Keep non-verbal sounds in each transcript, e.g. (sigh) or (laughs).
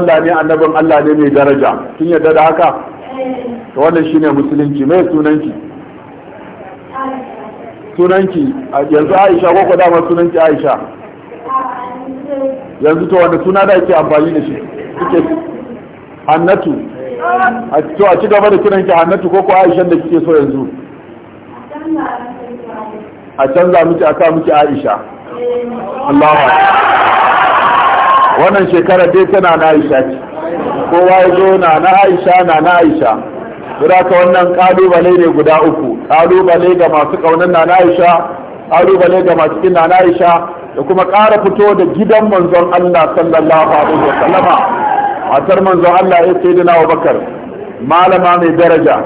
Allah ne annabin Allah ne mai daraja kin yadda da haka to wannan shine musulunci mai sunanki sunanki yanzu Aisha ko ko dama sunanki Aisha yanzu to wanda suna da ake amfani da shi kike Hannatu a to a ci gaba da sunanki Hannatu ko ko Aisha da kike so yanzu a canza miki a sa miki Aisha Allahu akbar wannan shekarar dai tana na aisha ce kowa ya zo na na aisha na na aisha guda ka wannan kalubale ne guda uku kalubale ga masu kaunar na na aisha kalubale ga masu kin na na aisha da kuma ƙara fito da gidan manzon Allah sallallahu alaihi wa sallama matar manzon Allah ya ce da nawa bakar malama mai daraja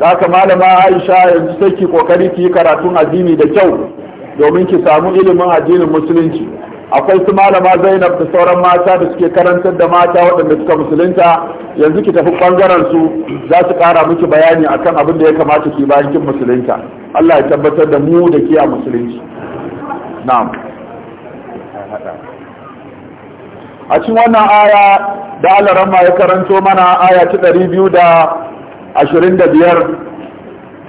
haka malama Aisha yanzu take kokari ki karatun addini da kyau domin ki samu ilimin addinin musulunci akwai su malama zainab da sauran mata da suke karantar da mata waɗanda suka musulunta yanzu ki tafi ɓangaren su za su ƙara miki bayani akan abin da ya kamata ki bayan kin musulunta allah ya tabbatar da mu da ke a musulunci na'am a cikin wannan aya da allah ramma ya karanto mana aya ta ɗari biyu da ashirin da biyar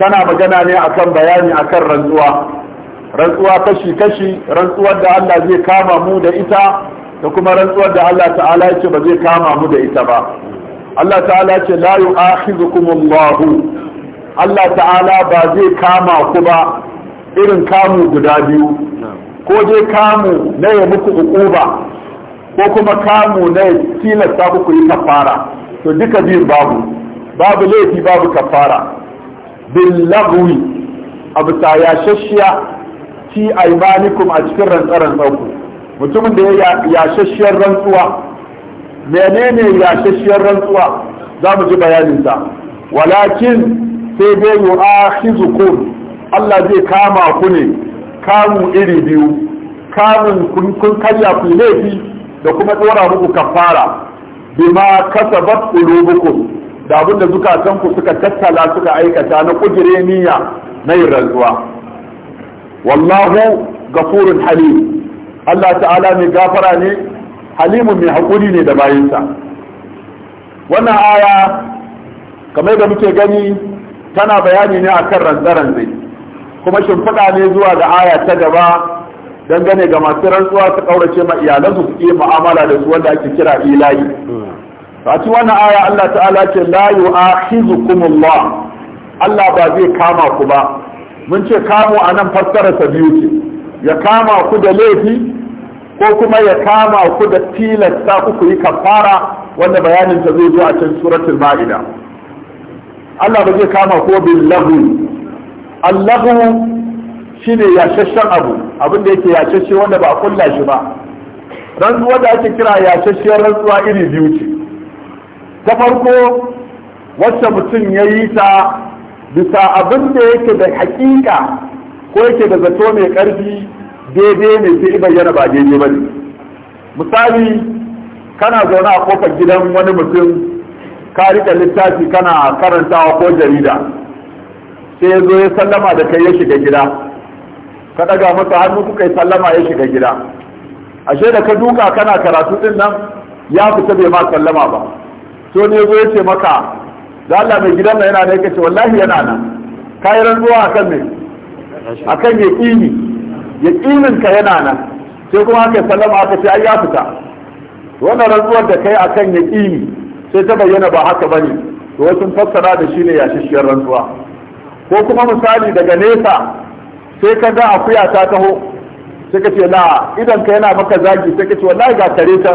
tana magana ne akan bayani akan rantsuwa rantsuwa kashi kashi rantsuwar da Allah zai kama mu da ita da kuma rantsuwar da Allah ta'ala ya ce ba zai kama mu da ita ba Allah ta'ala ce la yu'akhidhukumullahu Allah ta'ala ba zai kama ku ba irin kamu guda biyu ko dai kamu na ya muku uquba ko kuma kamu na ya tilasta ku yi kafara to duka biyun babu babu laifi babu kafara bil lagwi abu ta shashiya fi aibanikum a cikin rantsar ku mutumin da ya yashashiyar rantsuwa menene yashashiyar rantsuwa za mu ji bayanin sa walakin sai dai yu'akhizukum Allah zai kama ku ne kamu iri biyu kamun kun karya ku laifi da kuma tsora muku kafara bima kasabat qulubukum da abinda zukatanku suka tattala suka aikata na kujire niyya na yin rantsuwa wallahu gafurun halim Allah ta'ala mai gafara ne halimun mai haƙuri ne da bayansa wannan aya kamar da muke gani tana bayani ne akan rantsarantsai kuma shimfiɗa ne zuwa ga aya ta gaba dangane ga masu rantsuwa ta ƙaurace ma iyalansu su yi mu'amala da su wanda ake kira ilahi a ci wannan aya Allah ta'ala ce la yu'akhizukumullah Allah ba zai kama ku ba mun ce kamo a nan fassararsa biyu ce ya kama ku da laifi ko kuma ya kama ku da tilasta ku ku yi kafara wanda bayanin ta zai zo a can suratul ma'ida Allah ba zai kama ko bil lahu allahu shine yashashen abu abin da yake yashashshe wanda ba a kulla shi ba rantsuwa da ake kira yashashshiyar rantsuwa iri biyu ce ta farko wacce mutum ya yi ta bisa abin da yake da hakika ko yake da zato mai karfi daidai ne sai bayyana ba daidai ba ne misali kana zaune a kofar gidan wani mutum ka rika littafi kana karantawa ko jarida sai ya zo ya sallama da kai ya shiga gida ka daga masa hannu kuka yi sallama ya shiga gida ashe da ka duka kana karatu din nan ya fita bai ma sallama ba to ne zo ya ce maka da Allah mai gidan na yana da yake ce wallahi yana nan kayi rantsuwa akan ne akan yaqini yaqinin ka yana nan sai kuma aka sallama aka ce ai ya fita wannan rantsuwar da kai akan yaqini sai ta bayyana ba haka bane to wasu fassara da shi shine yashishiyar rantsuwa ko kuma misali daga nesa sai ka ga akuya ta taho sai ka ce la idan ka yana maka zagi sai ka ce wallahi ga kare ta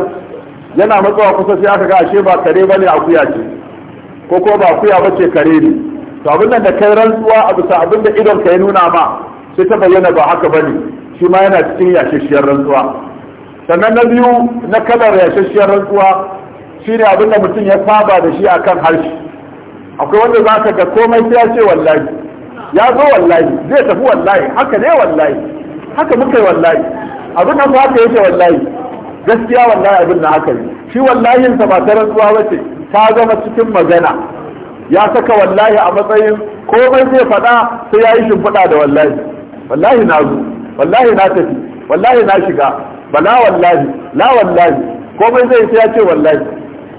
yana matsawa kusa sai aka ga ashe ba kare bane akuya ce ko ko ba kuya ba ce kare ne to abin nan da kai rantsuwa a bisa abin da idon ka ya nuna ma sai ta bayyana ba haka bane shi ma yana cikin yashashiyar rantsuwa sannan na biyu na kalar yashashiyar rantsuwa shi ne abin da mutum ya saba da shi akan harshe akwai wanda za ka ga komai sai ya ce wallahi ya zo wallahi zai tafi wallahi haka ne wallahi haka muka yi wallahi abin nan ba haka yake wallahi gaskiya wallahi abin na haka ne shi wallahin sa ba ta rantsuwa ba ce ta zama cikin magana ya saka wallahi a matsayin komai zai fada sai ya yi shimfiɗa da wallahi wallahi na zo wallahi na tafi wallahi na shiga bala wallahi la wallahi komai zai sai ya ce wallahi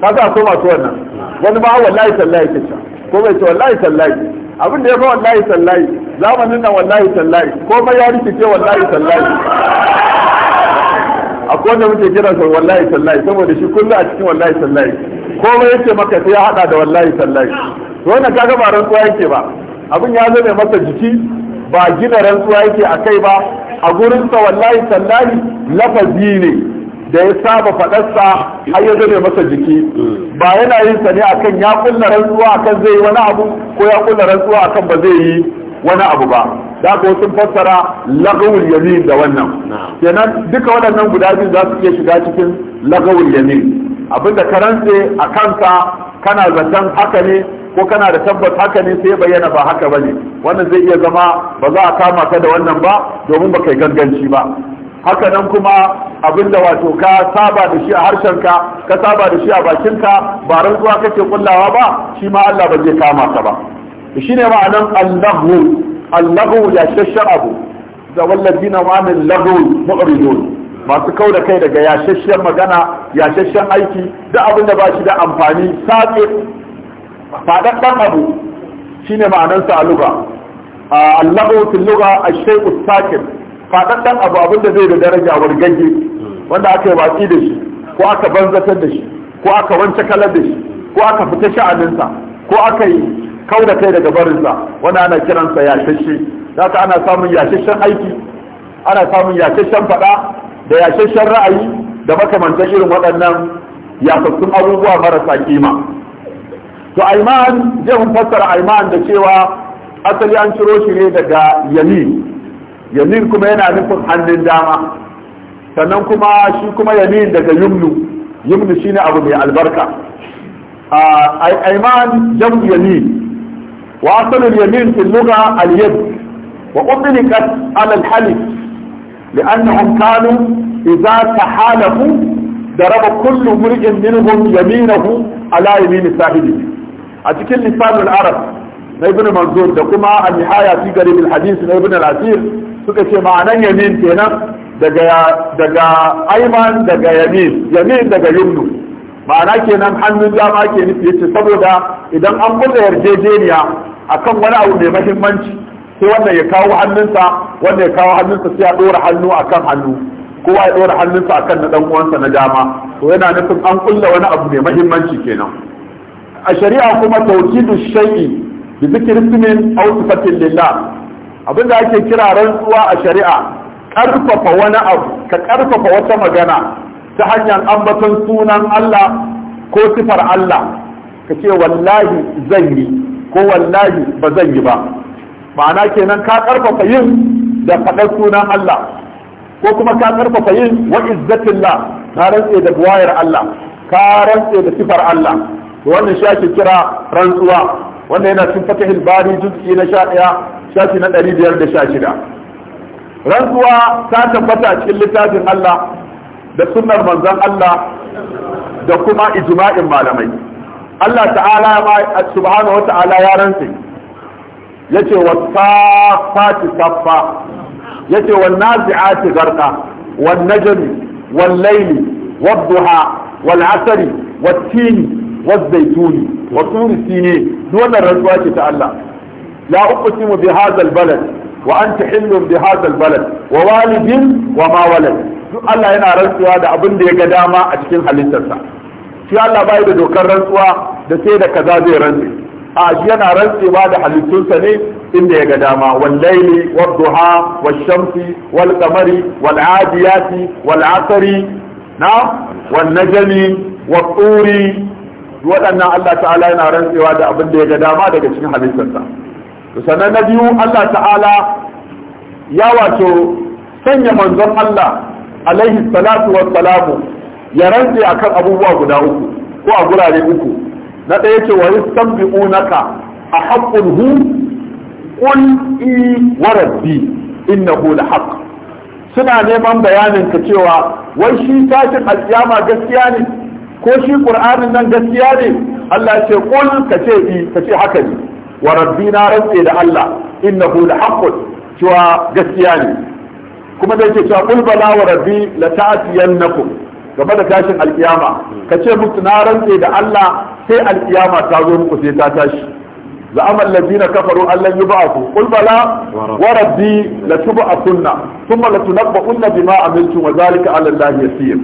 kaga koma masu wannan wani ba wallahi sallahi ke ko komai ce wallahi sallahi abin da ya fa wallahi sallahi zamanin nan wallahi sallahi komai ya rikice wallahi sallahi akwai wanda muke kira sa wallahi sallahi saboda shi kullu a cikin wallahi tallahi komai yace maka sai ya hada da wallahi sallahi to wannan kaga ba rantsuwa yake ba abin ya zame masa jiki ba gina rantsuwa yake a kai ba a gurin sa wallahi sallahi lafazi ne da ya saba fadarsa har ya zame masa jiki ba yana yin sa ne akan ya kulla rantsuwa akan zai yi wani abu ko ya kulla rantsuwa akan ba zai yi wani abu ba da ko sun fassara lagawul yamin da wannan kenan duka waɗannan guda biyu za su iya shiga cikin lagawul yamin abinda ka rantse a kanka kana zaton haka ne ko kana da tabbas haka ne sai bayyana ba haka bane wannan zai iya zama ba za a kama ka da wannan ba domin ba kai ganganci ba haka nan kuma abinda wato ka saba da shi a harshen ka ka saba da shi a bakinka ba rantsuwa kake kullawa ba shi ma Allah ba zai kama ka ba shi ne ma'anan allahu allahu ya shashar abu da wallazi na ma'anin lagu mu'ridun masu kau da kai daga yashashen magana yashashen aiki da abin da ba shi da amfani sabe faɗaɗɗen abu shine ma'anansa a luga allahu tun luga a shayu sakin faɗaɗɗen abu abin da zai da daraja wargage wanda aka yi watsi da shi ko aka banzatar da shi ko aka wance kalar da shi ko aka fita sha'aninsa ko aka yi kau da kai daga barinsa wanda ana kiransa yashashe haka ana samun yashashen aiki ana samun yashashen faɗa da yashashen ra'ayi da makamantar irin waɗannan yasassun abubuwa marasa kima to aiman zai mun fassara aiman da cewa asali an ciro shi ne daga yamin yamin kuma yana nufin hannun dama sannan kuma shi kuma yamin daga yumnu yumnu shine abu mai albarka aiman jam'u yamin وأصل اليمين في اللغة اليد وأطلقت على الحلف لأنهم كانوا إذا تحالفوا ضرب كل مرج منهم يمينه على يمين ساحبه أتكلم لسان العرب ابن منظور لكما النهاية في قريب الحديث من ابن العسير تكشف معنى يمين هنا دقا أيمن دقا يمين يمين دقا يمن معنى كنا محمد جامعة كنا في تصبغ إذا أنقل يرجيجينيا akan wani abu mai mahimmanci sai wannan ya kawo hannunsa wannan ya kawo hannunsa sai ya ɗora hannu kan hannu kowa ya ɗora hannunsa akan na ɗan uwansa na dama to yana nufin an kulla wani abu mai mahimmanci kenan a shari'a kuma tawkidu shay'i bi zikri ismin aw sifatin lillah abinda ake kira rantsuwa a shari'a karfafa wani abu ka karfafa wata magana ta hanyar ambaton sunan Allah ko sifar Allah ka ce wallahi zan yi ko wallahi ba zan yi ba ma'ana kenan ka karfafa yin da faɗar sunan Allah ko kuma ka karfafa yin wa izzatillah ka rantse da buwayar Allah ka rantse da sifar Allah wannan shi kira rantsuwa wanda yana cikin fatahil bari juz'i na 11 shafi na 516 rantsuwa ta tabbata cikin littafin Allah da sunnar manzon Allah da kuma ijma'in malamai Allah ta'ala subhanahu wa ta'ala ya rantse yace wa safati safa yace wa nazi'ati garqa wan najmi wal layli wad duha wal asri wat tini waz Zaituni, wa turi sini wannan rantsuwa ce ta Allah la uqsimu bi hadha al balad wa anta hillun bi hadha al balad wa walidin wa ma walad duk Allah yana rantsuwa da abin da ya ga dama a cikin halittarsa shi Allah bai da dokar rantsuwa da sai da kaza zai rantse. a shi yana rantsewa da halittunsa ne inda ya ga dama laili, wadduha washamsi wal qamari wal adiyati wal asri na wan najmi wat turi waɗannan Allah ta'ala yana rantsewa da abin da ya ga dama daga cikin halittarsa to sannan na biyu Allah ta'ala ya wato sanya manzon Allah alaihi salatu wassalamu ya rantse kan abubuwa guda uku ko a gurare uku na ɗaya ce wa yastanbi'unaka a haƙƙun hu qul i wa rabbi innahu la haqq suna neman bayanin ka cewa wai shi tashin alƙiyama gaskiya ne ko shi ƙur'anin nan gaskiya ne Allah ce qul ka ce i ka ce haka ne wa rabbi na rantse da Allah innahu la haƙƙun cewa gaskiya ne kuma da yake cewa qul bala wa rabbi la ta'tiyannakum game da gashin alkiyama ka ce musu na rantse da Allah sai alkiyama ta zo muku sai ta tashi za a mallaji na kafaru Allah yi ba'atu ƙulbala warabbi la tuba a sunna kuma la tunabba unna bi ma amiltu wa zalika ala Allah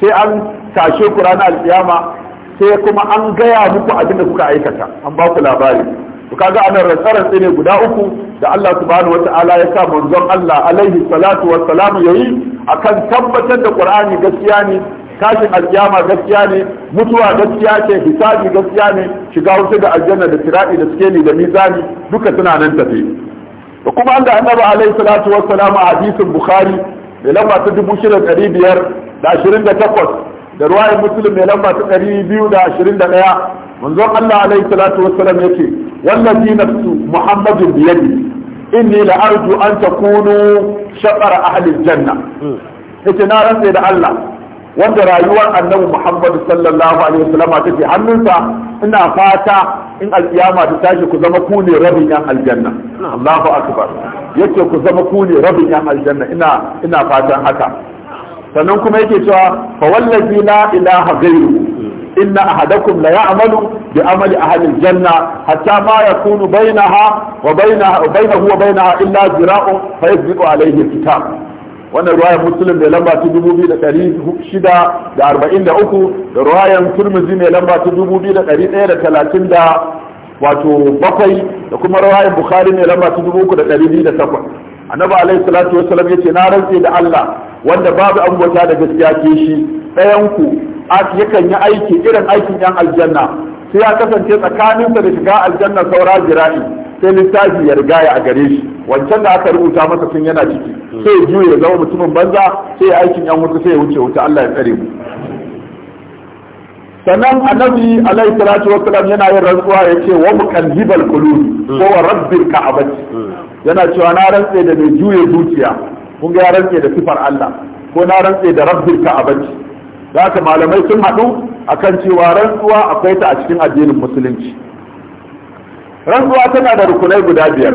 sai an tashe ku ranar alkiyama sai kuma an gaya muku abin da kuka aikata an baku labari to kaga anan rantsarantsi ne guda uku da Allah subhanahu wata'ala ya sa manzon Allah alaihi salatu wassalam yayi akan tabbatar da Qur'ani gaskiya ne tashin alkiyama gaskiya ne mutuwa gaskiya ce hisabi gaskiya ne shiga wuce da aljanna da tirabi da sikeli da mizani duka suna nan tafe da kuma an da annabi alaihi salatu wassalam a hadisin bukhari mai lamba ta dubu shida ɗari biyar da ashirin da takwas da ruwayin musulun mai lamba ta ɗari biyu da ashirin da ɗaya manzon allah alaihi salatu wassalam yake wallazi nafsu muhammadun ne inni la arju an kunu shaqara ahli janna yace na rantse da Allah wanda rayuwar annabi Muhammad sallallahu alaihi wasallama take hannunsa ina fata in alkiyama ta tashe ku zama ku ne rabin yan aljanna Allahu akbar yake ku zama ku ne rabin yan aljanna ina ina fatan haka sannan kuma yake cewa fa wallazi la ilaha ghairu inna ahadakum la ya'malu bi amali ahli al-janna hatta ma yakunu bainaha wa bainaha bainahu wa bainaha illa zira'un fa yasbiqu alayhi wannan ruwaya muslim mai lamba dubu biyu da ɗari shida da arba'in da uku da ruwayan turmizi mai lamba dubu biyu da ɗaya da talatin da wato bakwai da kuma mai dubu uku da biyu da annabi alaihi salatu wasallam yace na rantse da Allah wanda babu an da gaskiya ke shi ɗayan ku yakan yi aiki irin aikin yan aljanna sai ya kasance tsakaninsa da shiga aljanna saura jira'i sai littafi ya riga ya gare shi wancan da aka rubuta masa tun yana ciki sai ya juya ya zama mutumin banza sai aikin yan wuta sai ya wuce wuta Allah ya tsare mu sannan annabi alaihi salatu wassalam yana yin rantsuwa ya ce wa muqallibal qulub ko wa rabbil ka'abati yana cewa na rantse da mai juya zuciya kun ga ya rantse da sifar Allah ko na rantse da rabbil ka'abati da haka malamai sun haɗu kan cewa rantsuwa akwai ta a cikin addinin musulunci rantsuwa tana da rukunai guda biyar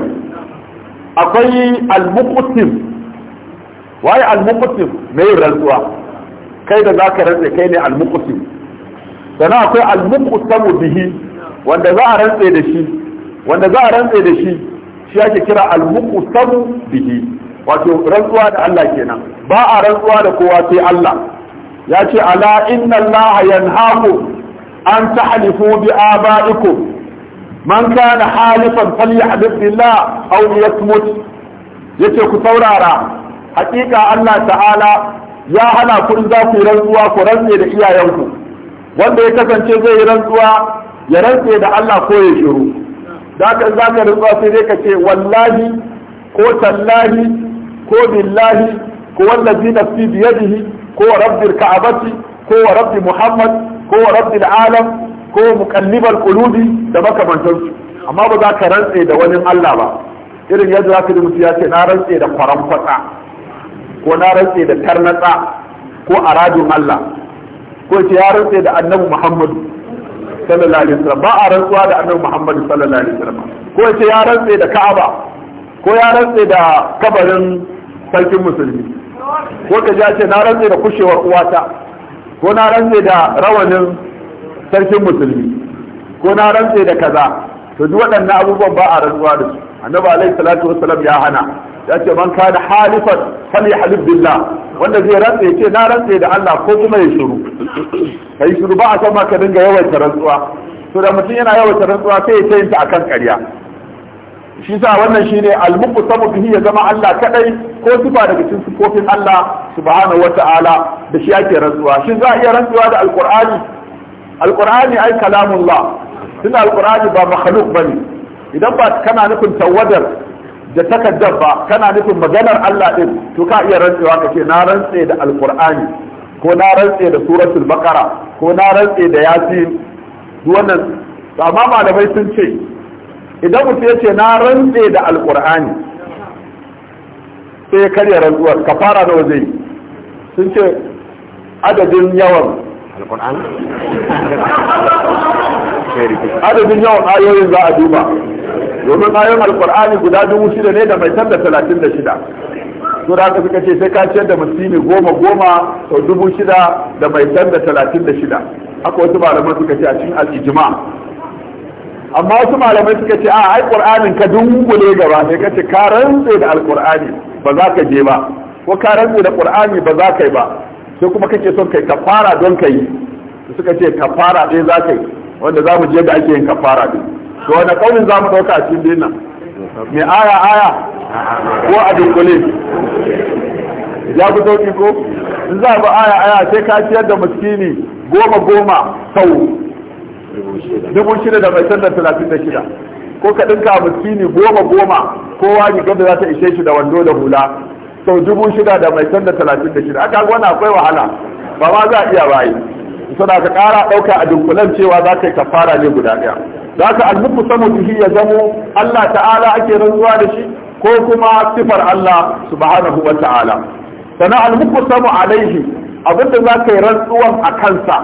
akwai al waye al-muqtim yin rantsuwa kai da zaka rantsa kai ne al-muqtim sannan akwai al-muqtamu bihi wanda za a rantsa da shi wanda za a rantsa da shi shi ake kira al bihi wato rantsuwa da Allah kenan ba a rantsuwa da kowa sai Allah ya ce ala inna allaha yanhaqu an tahlifu bi abaikum man kana halifan falyahdith billah aw yasmut yace ku saurara hakika Allah ta'ala ya hana ku za ku rantsuwa ku rantse da iyayenku wanda ya kasance zai yi rantsuwa ya rantse da Allah ko ya shiru zaka zaka rantsuwa sai dai ka ce wallahi ko tallahi ko billahi ko wallazi nafsi biyadihi ko rabbil ka'abati ko rabbi muhammad ko rabbil alam ko muqallibal qulubi da makamantansu amma ba za ka rantse da wani Allah ba irin yadda za ka ji na rantse da kwaran kwatsa ko na rantse da tarnatsa ko aradun Allah ko ce ya rantse da annabi muhammadu sallallahu alaihi wasallam ba a rantsuwa da annabi muhammadu sallallahu alaihi wasallam ko ce ya rantse da ka'aba ko ya rantse da kabarin sarkin musulmi ko ka ja ce na rantse da kushewar uwata ko na rantse da rawanin sarkin musulmi ko na rantse da kaza to duk waɗannan abubuwan ba a rantsuwa da su annabi alaihi salatu wassalam ya hana ya ce man kana halifan falyahlif billah wanda zai rantse ce na rantse da Allah ko kuma ya shiru kai shiru ba a san ma ka dinga yawan rantsuwa to da mutum yana yawan rantsuwa sai ya ce ta akan ƙarya shi sa wannan shine al-muqtamu bihi ya zama Allah kadai ko sifa daga cikin sifofin Allah subhanahu ta'ala, da shi ake rantsuwa shin za a iya rantsuwa da alqur'ani alqur'ani ai kalamullah tunda alqur'ani ba ba bane idan ba kana nufin tawadar da takaddar ba kana nufin maganar Allah din to ka iya rantsuwa kace na rantse da alqur'ani ko na rantse da suratul baqara ko na rantse da yasin wannan amma malamai sun ce idan mutum ya ce na rantse da alkur'ani sai karya rantsuwar ka fara da waje, sun ce adadin yawan (laughs) adadin yawan ayoyin za a duba domin ayoyin alkur'ani guda dubu shida ne da mai da talatin da shida su da aka suka ce sai ka ciyar da musulmi goma goma sau dubu shida da mai da talatin da shida haka wasu malaman suka ce a cikin al'ijima amma wasu malamai suka ce a ai qur'anin ka dungule gaba sai kace ka rantse da alqur'ani ba za ka je ba ko ka rantse da qur'ani ba za ka yi ba sai kuma kake son kai kafara don kai suka ce kafara dai za ka yi wanda za mu je da ake yin kafara din to wanda kaunin za mu dauka a cikin dinnan me aya aya ko a dunkule ya fi sauki ko in za ba aya aya sai ka ciyar da miskini goma goma sau dubu shida da mai sanda talatin da shida ko ka ɗinka a miskini goma goma kowa rigar da za ta ishe shi da wando da hula sau dubu shida da mai sanda talatin da shida aka gwana akwai wahala ba ma za a iya bayi suna ka kara ɗauka a dunkulen cewa za ka yi kafara ne guda ɗaya za ka almuku samu tuhi ya zamo Allah ta'ala ake rantsuwa da shi ko kuma sifar Allah subhanahu wa ta'ala sana almuku samu alaihi abinda za ka yi rantsuwan a kansa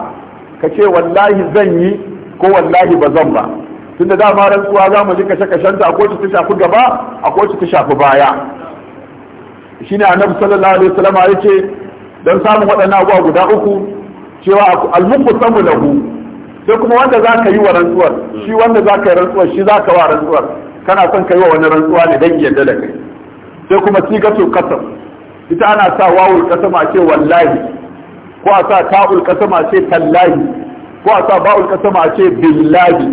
ka ce wallahi zan yi ko wallahi ba zan ba tunda da ma rantsuwa za mu ji kashe kashenta a kowace ta shafi gaba a kowace ta shafi baya ne annabi sallallahu alaihi wasallam ya ce dan samun waɗannan abubuwa guda uku cewa al samu lahu sai kuma wanda za ka yi wa rantsuwar shi wanda za ka yi rantsuwar shi za ka wa rantsuwar kana son ka yi wa wani rantsuwa ne dan yadda da kai sai kuma sigatu qasam ita ana sa wawul qasama ce wallahi ko a sa ta'ul qasama ce tallahi ko a sa ba'ul kasama a ce billahi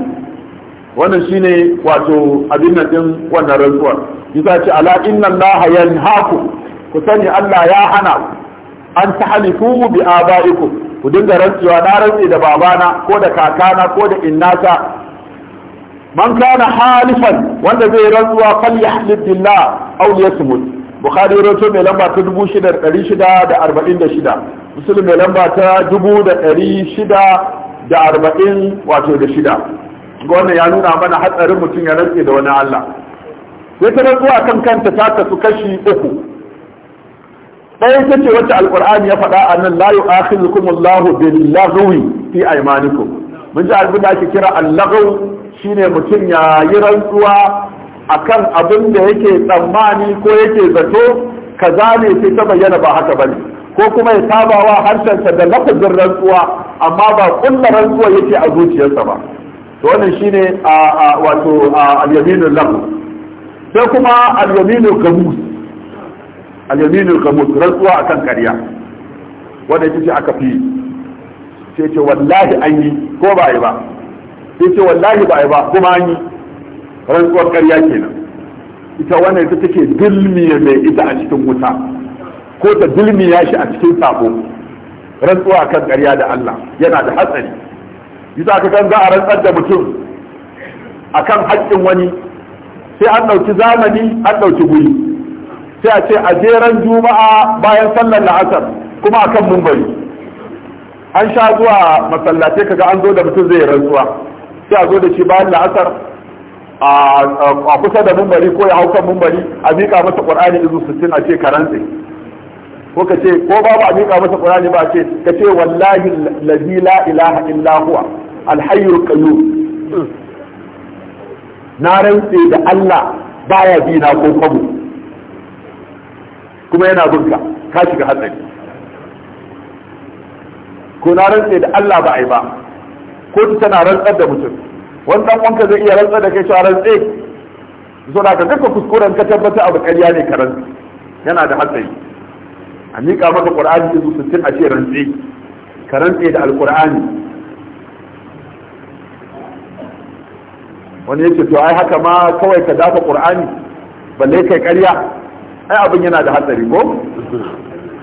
wannan shine wato abin nan din wannan rantsuwa. yasa ce ala inna allaha yanhaku ku sani Allah ya hana an tahlifu bi abaikum ku dinga rantsuwa na rantsi da babana ko da kakana ko da innata man kana halifan wanda zai rantsuwa falyahlib billah aw yasmut bukhari roto mai lamba ta 6646 muslim mai lamba ta da arba'in wato da shida wannan ya nuna mana hatsarin mutum ya rantse da wani Allah sai ta rantsuwa kan kanta ta kasu kashi uku ɗaya ta ce wacce alƙur'ani ya faɗa a nan la yu'akhidhukum Allahu bil laghwi fi aymanikum mun ji abin da ake kira al-laghaw shine mutum ya yi rantsuwa akan abin da yake tsammani ko yake zato kaza ne sai ta bayyana ba haka bane ko kuma ya wa harshensa da lafazin rantsuwa amma ba kullum rantsuwa yake a zuciyarsa ba to wannan shine a wato al yaminu lahu sai kuma al yaminu gamus al yaminu gamus rantsuwa akan kariya wanda yake ce aka fi sai ce wallahi an yi ko ba yi ba sai ce wallahi ba yi ba kuma an yi rantsuwar kariya kenan ita wannan ita take dulmiye mai ita a cikin wuta ko ta ya shi a cikin sako rantsuwa kan ƙarya da Allah yana da hatsari yasa aka kan za a rantsar da mutum kan haƙƙin wani sai an ɗauki zamani an ɗauki guri sai a ce a jeran juma'a bayan sallar la'asar kuma kan mumbari an sha zuwa masallatai kaga an zo da mutum zai rantsuwa sai a zo da shi bayan la'asar a kusa da mumbari ko ya hau kan mumbari a miƙa masa ƙur'ani izu sittin a ce ka rantse ko ka ce ko babu a miƙa masa qur'ani ba ce ka ce wallahi allazi la ilaha illa huwa alhayyul qayyum na rantse da Allah baya bi na ko kwabo kuma yana binka ka shiga hatsari ko na rantse da Allah ba ai ba ko na rantsar da mutum wani dan wanka zai iya rantsar da kai cewa rantse so da ka duka kuskuren ka tabbata abu ƙarya ne ka rantse yana da hatsari a miƙa maka ƙur'ani su sittin a ce rantse ka rantse da alƙur'ani wani yake to ai haka ma kawai ka dafa ƙur'ani balle kai ƙarya ai abin yana da hatsari ko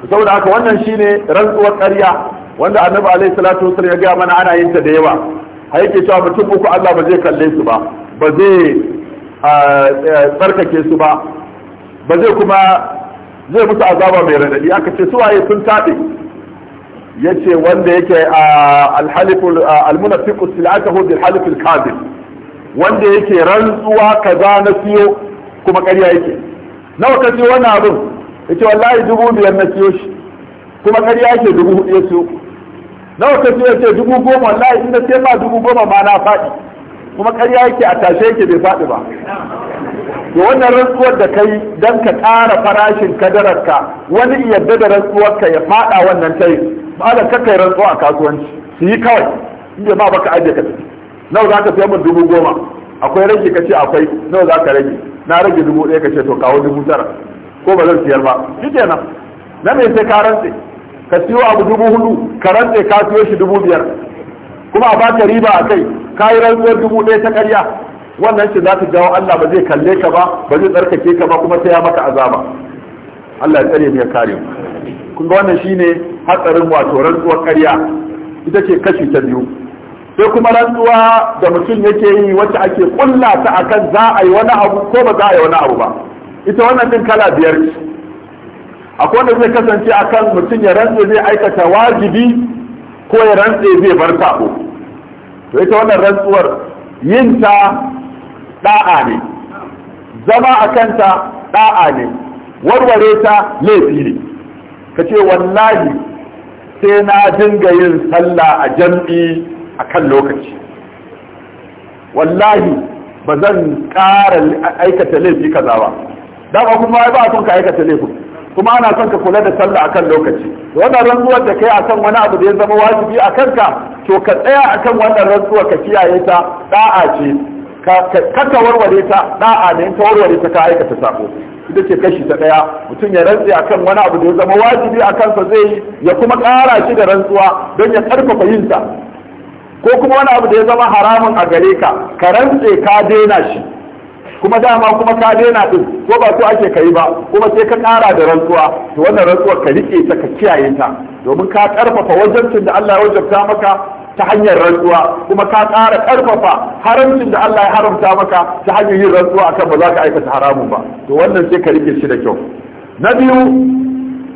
saboda haka wannan shine rantsuwar ƙarya wanda annabi alaihi salatu wasallam ya ga mana ana yin ta da yawa har yake cewa mutum uku Allah ba zai kalle su ba ba zai ah, eh, tsarkake su ba ba zai kuma zai mutu azaba mai radadi aka ce su waye sun tabe yace wanda yake alhaliful almunafiqu silatahu bil halifil kadhib wanda yake rantsuwa kaza na siyo kuma ƙarya yake nawa ka siyo wannan abin yace wallahi dubu biyar na siyo shi kuma ƙarya yake dubu hudu ya siyo nawa ka siyo yace dubu goma wallahi inda sai ma dubu goma ma na faɗi kuma ƙarya yake a tashe yake bai faɗi ba to wannan rantsuwar da kai don ka ƙara farashin kadararka wani yadda da rantsuwarka ya faɗa wannan tayi ba da kai rantsuwa a kasuwanci su yi kawai inda ba baka aje ka tafi nawa za ka sayi min dubu goma akwai rage ka ce akwai nawa za ka rage na rage dubu ɗaya ka ce to kawo dubu tara ko ba zan siyar ba shi kenan na me sai ka rantse ka siyo abu dubu hudu ka rantse ka siyo shi dubu biyar kuma a baka riba a kai ka yi rantsuwar dubu ɗaya ta ƙarya wannan ce za ta jawo Allah ba zai kalle ka ba ba zai tsarkake ka ba kuma taya ya maka azaba Allah ya tsare mu ya kare mu kun ga wannan shine hatsarin wato rantsuwar ƙarya ita ce kashi ta biyu sai kuma rantsuwa da mutum yake yi wacce ake kulla ta akan za a yi wani abu ko ba za a yi wani abu ba ita wannan din kala biyar ce akwai wanda zai kasance akan mutum ya rantse zai aikata wajibi ko ya rantse zai bar sabo to ita wannan rantsuwar yin ta da'a ne zama a kanta da'a ne warware ta laifi ne ka ce wallahi sai na dinga yin sallah a jam'i a kan lokaci wallahi ba zan ƙara aikata laifi kaza ba dama kuma ba a ka aikata laifin kuma ana son ka kula da sallah a kan lokaci wannan rantsuwar da kai kan wani abu da ya zama wajibi a kanka to ka tsaya a kan wannan rantsuwar ka kiyaye ta da'a ce ka warware ta da'a da ta warware ta ka aikata sako ita ce kashi ta daya mutum ya rantse akan wani abu da ya zama wajibi a kansa zai yi ya kuma kara shi da rantsuwa don ya karfafa yin sa ko kuma wani abu da ya zama haramun a gare ka ka rantse ka daina shi kuma dama kuma ka daina din ko ba ko ake kai ba kuma sai ka kara da rantsuwa to wannan rantsuwar ka rike ta ka kiyaye ta domin ka karfafa wajabcin da Allah ya wajabta maka ta hanyar rantsuwa kuma ka ƙara ƙarfafa haramcin da Allah ya haramta maka ta hanyar yin rantsuwa akan ba za ka aikata haramun ba to wannan sai ka rike shi da kyau na biyu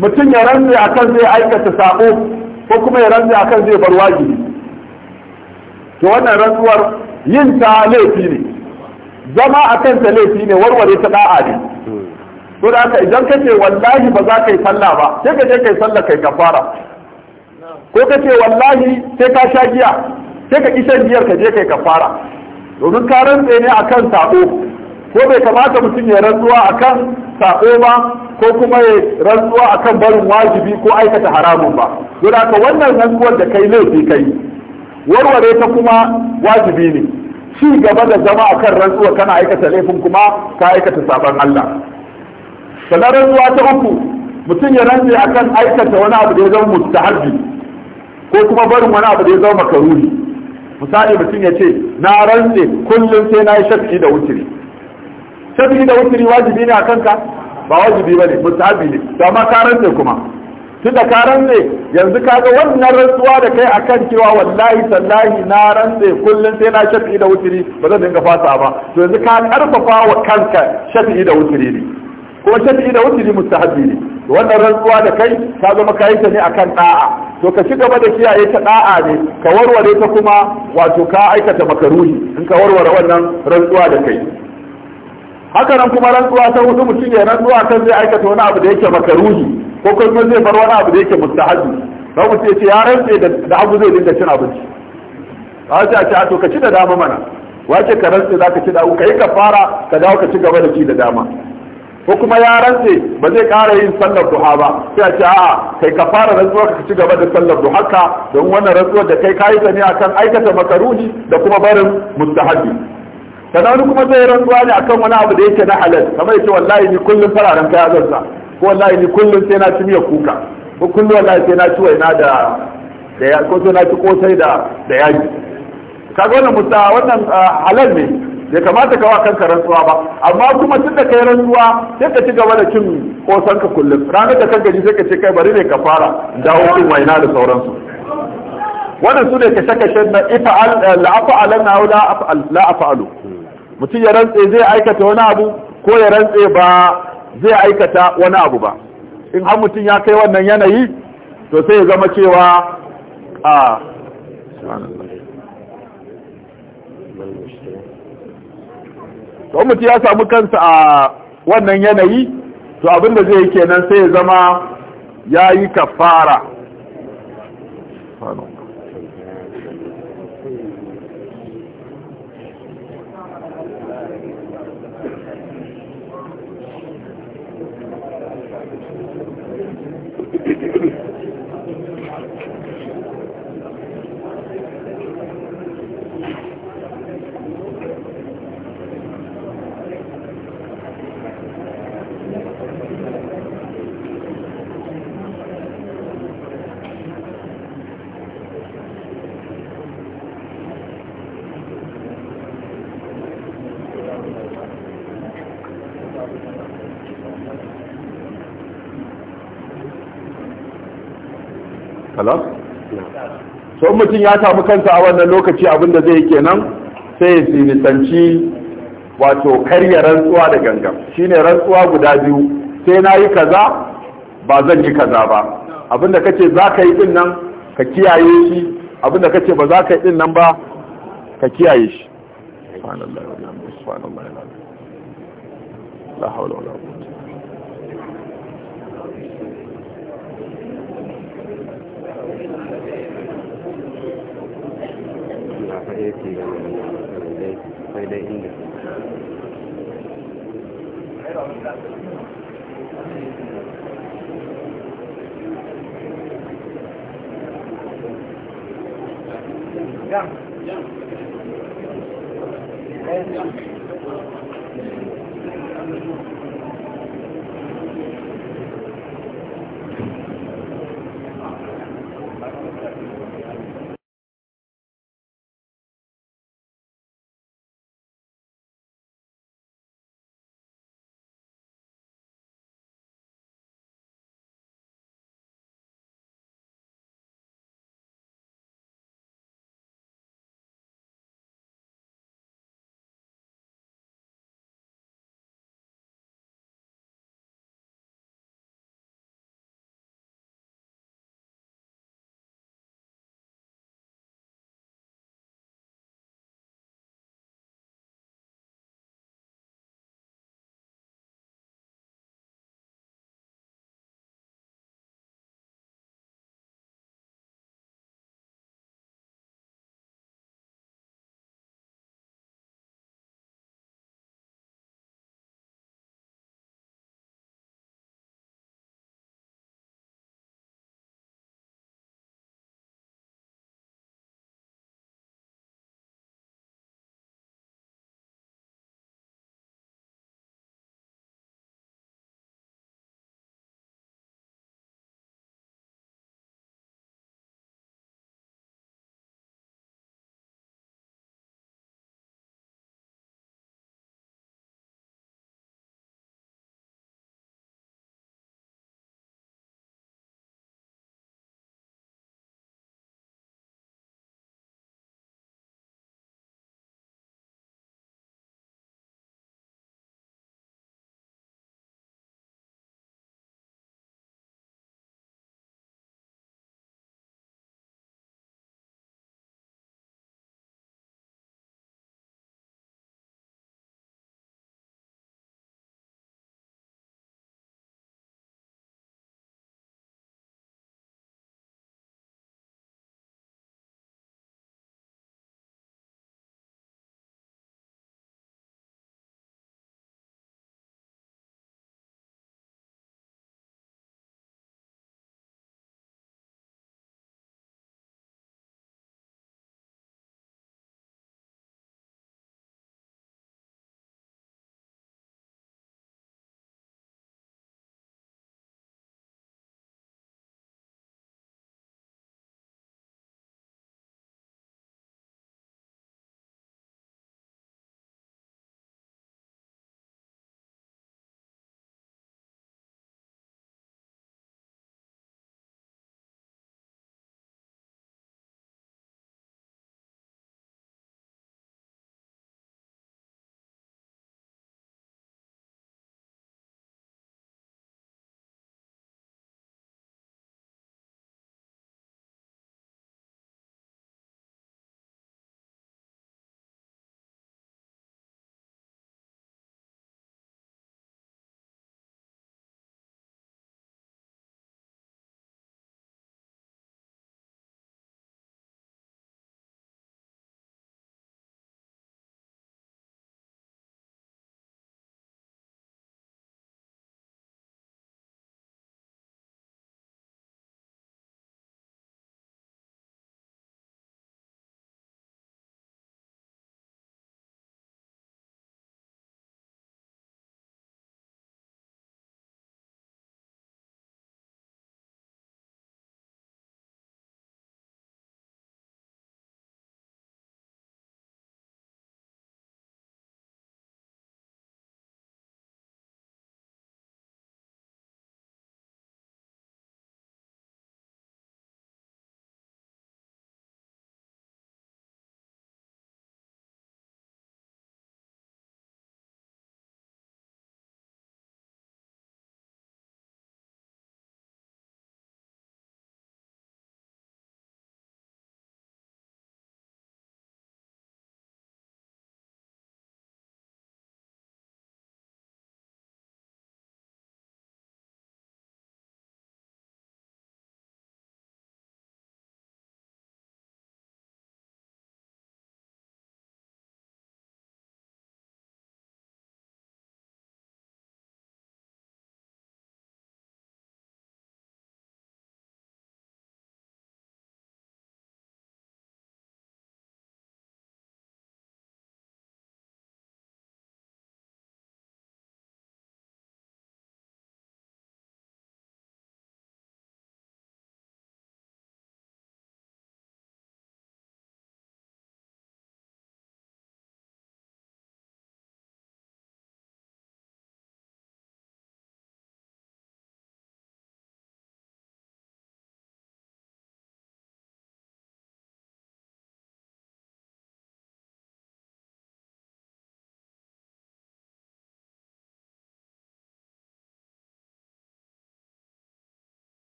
mutum ya rantse akan zai aikata sabo ko kuma ya rantse akan zai bar wajibi to wannan rantsuwar yin ta laifi ne zama akan ta laifi ne warware ta da'a ne to da haka idan kace wallahi ba za ka yi sallah ba sai ka je kai sallah kai kafara ko ka ce wallahi sai ka sha giya sai ka kishan giyar ka je kai fara domin ka rantse ne a kan sabo ko bai kamata mutum ya rantsuwa a kan sabo ba ko kuma ya rantsuwa a kan barin wajibi ko aikata haramun ba don haka wannan rantsuwar da kai laifi kai warware ta kuma wajibi ne ci gaba da zama a kan rantsuwa kana aikata laifin kuma ka aikata sabon Allah sannan rantsuwa ta uku mutum ya rantse akan aikata wani abu da ya zama mustahabi ko kuma barin wani abu da ya zama makaruri misali mutum ya ce na rantse kullum sai na yi shafi da wuturi. shafi da wuturi wajibi ne a kanka ba wajibi ba ne musabi ne to amma ka rantse kuma tunda ka rantse yanzu ka ga wannan rantsuwa da kai a kan cewa wallahi sallahi na rantse kullum sai na shafi da wuturi ba zan dinga fasa ba to yanzu ka karfafa wa kanka shafi da wuturi ne kuma shafi da wuturi musabi ne wannan rantsuwa da kai ka zama ka ta ne akan da'a to ka ci gaba da kiyaye ta da'a ne ka warware ta kuma wato ka aikata makaruhi in ka warware wannan rantsuwa da kai haka nan kuma rantsuwa ta hudu mutum ya rantsuwa kan zai aikata wani abu da yake makaruhi ko kuma zai bar wani abu da yake mustahabi ba mu ce ya rantse da abu zai dinga cin abinci a ce a ce to ka ci da dama mana wace ka rantse za ka ci da abu ka yi ka fara ka dawo ka ci gaba da ci da dama ko kuma ya rantse ba zai kara yin sallar duha ba sai a ce a kai ka fara rantsuwa ka ci gaba da sallar duha ka don wannan rantsuwar da kai kayi ta ne akan aikata makaruhi da kuma barin mustahabi sannan wani kuma zai rantsuwa ne akan wani abu da yake na halal kamar yace wallahi ni kullum fararen kaya zan sa ko wallahi ni kullum sai na ci miya kuka ko kullum wallahi sai na ci waina da da ko sai na ci kosai da da yaji kaga wannan musta wannan ah, halal ne bai kamata ka wa kanka rantsuwa ba amma kuma tunda kai rantsuwa sai ka ci gaba da cin kosan ka kullum ranar da kanka ji sai ka ce kai bari ne ka fara dawo cin waina da sauransu wannan su ne kashe kashe na ifa'al eh, la afa'alan na la afa'al la afa'alu mutum ya rantse zai aikata wani abu ko ya rantse ba zai aikata wani abu ba in har mutum ya kai wannan yanayi to sai ya zama cewa a ah, to mutu ya samu kansa a wannan yanayi to abinda zai yi kenan sai ya zama ya yi kafara to mutum ya samu kansa a wannan lokaci abin da zai kenan sai ya sinisanci wato karya rantsuwa da gangan shine rantsuwa guda biyu sai na yi kaza ba zan yi kaza ba abin da kace za ka yi din nan ka kiyaye shi abin da kace ba za ka yi din nan ba ka kiyaye shi subhanallah subhanallah la hawla wala ce sai dai inda Yeah.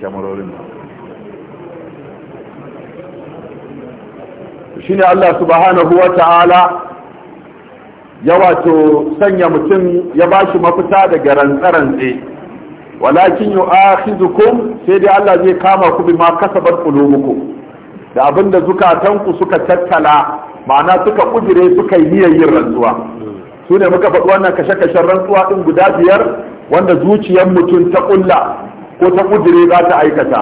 kyamarorin ba shi ne Allah subhanahu wa ta'ala ya wato sanya mutum ya ba shi mafita daga rantsarantse walakin yi ahizukum sai dai Allah zai kama ku bi ma kasabar kulubuku da abinda zukatanku suka tattala ma'ana suka kujire suka yi niyyar yin rantsuwa su ne muka faɗi wannan kashe-kashen rantsuwa ɗin guda biyar wanda zuciyar mutum ta ƙulla ko ta kudure za ta aikata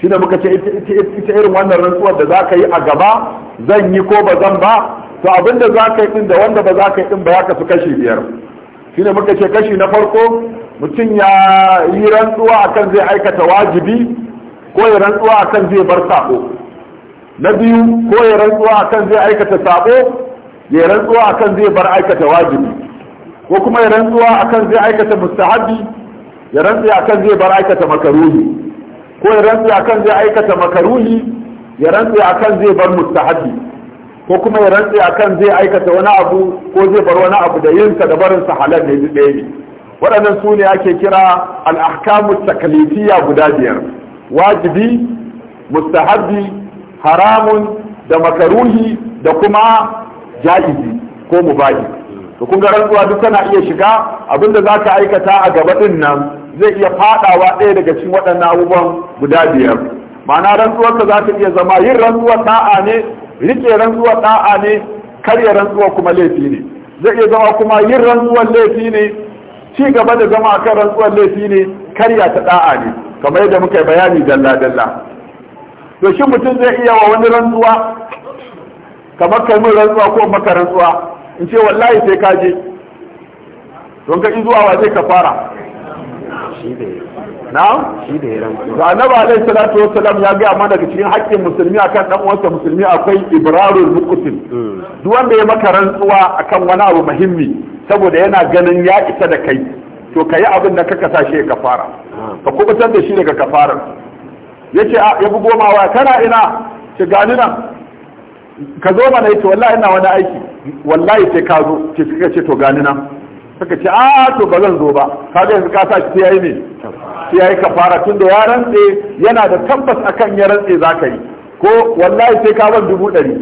shi da muka ce ita irin wannan rantsuwar da za ka yi a gaba zan yi ko ba zan ba to abin da za ka yi din da wanda ba za ka yi din ba ya kasu kashi biyar shi ne muka ce kashi na farko mutum ya yi rantsuwa akan zai aikata wajibi ko ya rantsuwa akan zai bar sabo na biyu ko ya rantsuwa akan zai aikata sabo ya rantsuwa akan zai bar aikata wajibi ko kuma ya rantsuwa akan zai aikata mustahabi ya rantsi akan zai bar aikata makaruhi ko ya rantsi akan zai aikata makaruhi ya rantsi akan zai bar mustahabi ko kuma ya rantsi akan zai aikata wani abu ko zai bar wani abu da yinsa da barinsa halal ne ɗaya ne waɗannan su ne ake kira al'ahkamu takalifiya guda biyar wajibi mustahabi haramun da makaruhi da kuma ja'izi ko mubahi to kun ga rantsuwa duk tana iya shiga abinda za ka aikata a gaba ɗin nan zai iya fadawa ɗaya daga cikin waɗannan abubuwan guda biyar ma'ana rantsuwar da za ta iya zama yin rantsuwar ɗa'a ne rike rantsuwar ɗa'a ne karya rantsuwar kuma laifi ne zai iya zama kuma yin rantsuwar laifi ne ci gaba da zama kan rantsuwar laifi ne karya ta ɗa'a ne kamar yadda muka yi bayani dalla dalla to shi mutum zai iya wa wani rantsuwa kamar kai min rantsuwa ko maka rantsuwa in ce wallahi sai ka je don ka zuwa wa zai ka fara shi da na shi da yaran ga annabi alaihi salatu wassalam ya ga mana daga cikin haƙƙin musulmi akan dan uwansa musulmi akwai ibrarul muqtil duk wanda ya maka rantsuwa akan wani abu muhimmi saboda yana ganin ya isa da kai to kayi abin da kaka sashi ya kafara ka kubutar da shi daga kafarar yace ya bugo ma waya kana ina ce gani nan ka zo mana yace wallahi ina wani aiki wallahi sai ka zo ce kika ce to gani nan suka ce a to ba zan zo ba kaga yanzu ka sa shi yayi ne shi yayi kafara tun da ya rantse yana da tabbas akan ya rantse zaka yi ko wallahi sai ka ban dubu ɗari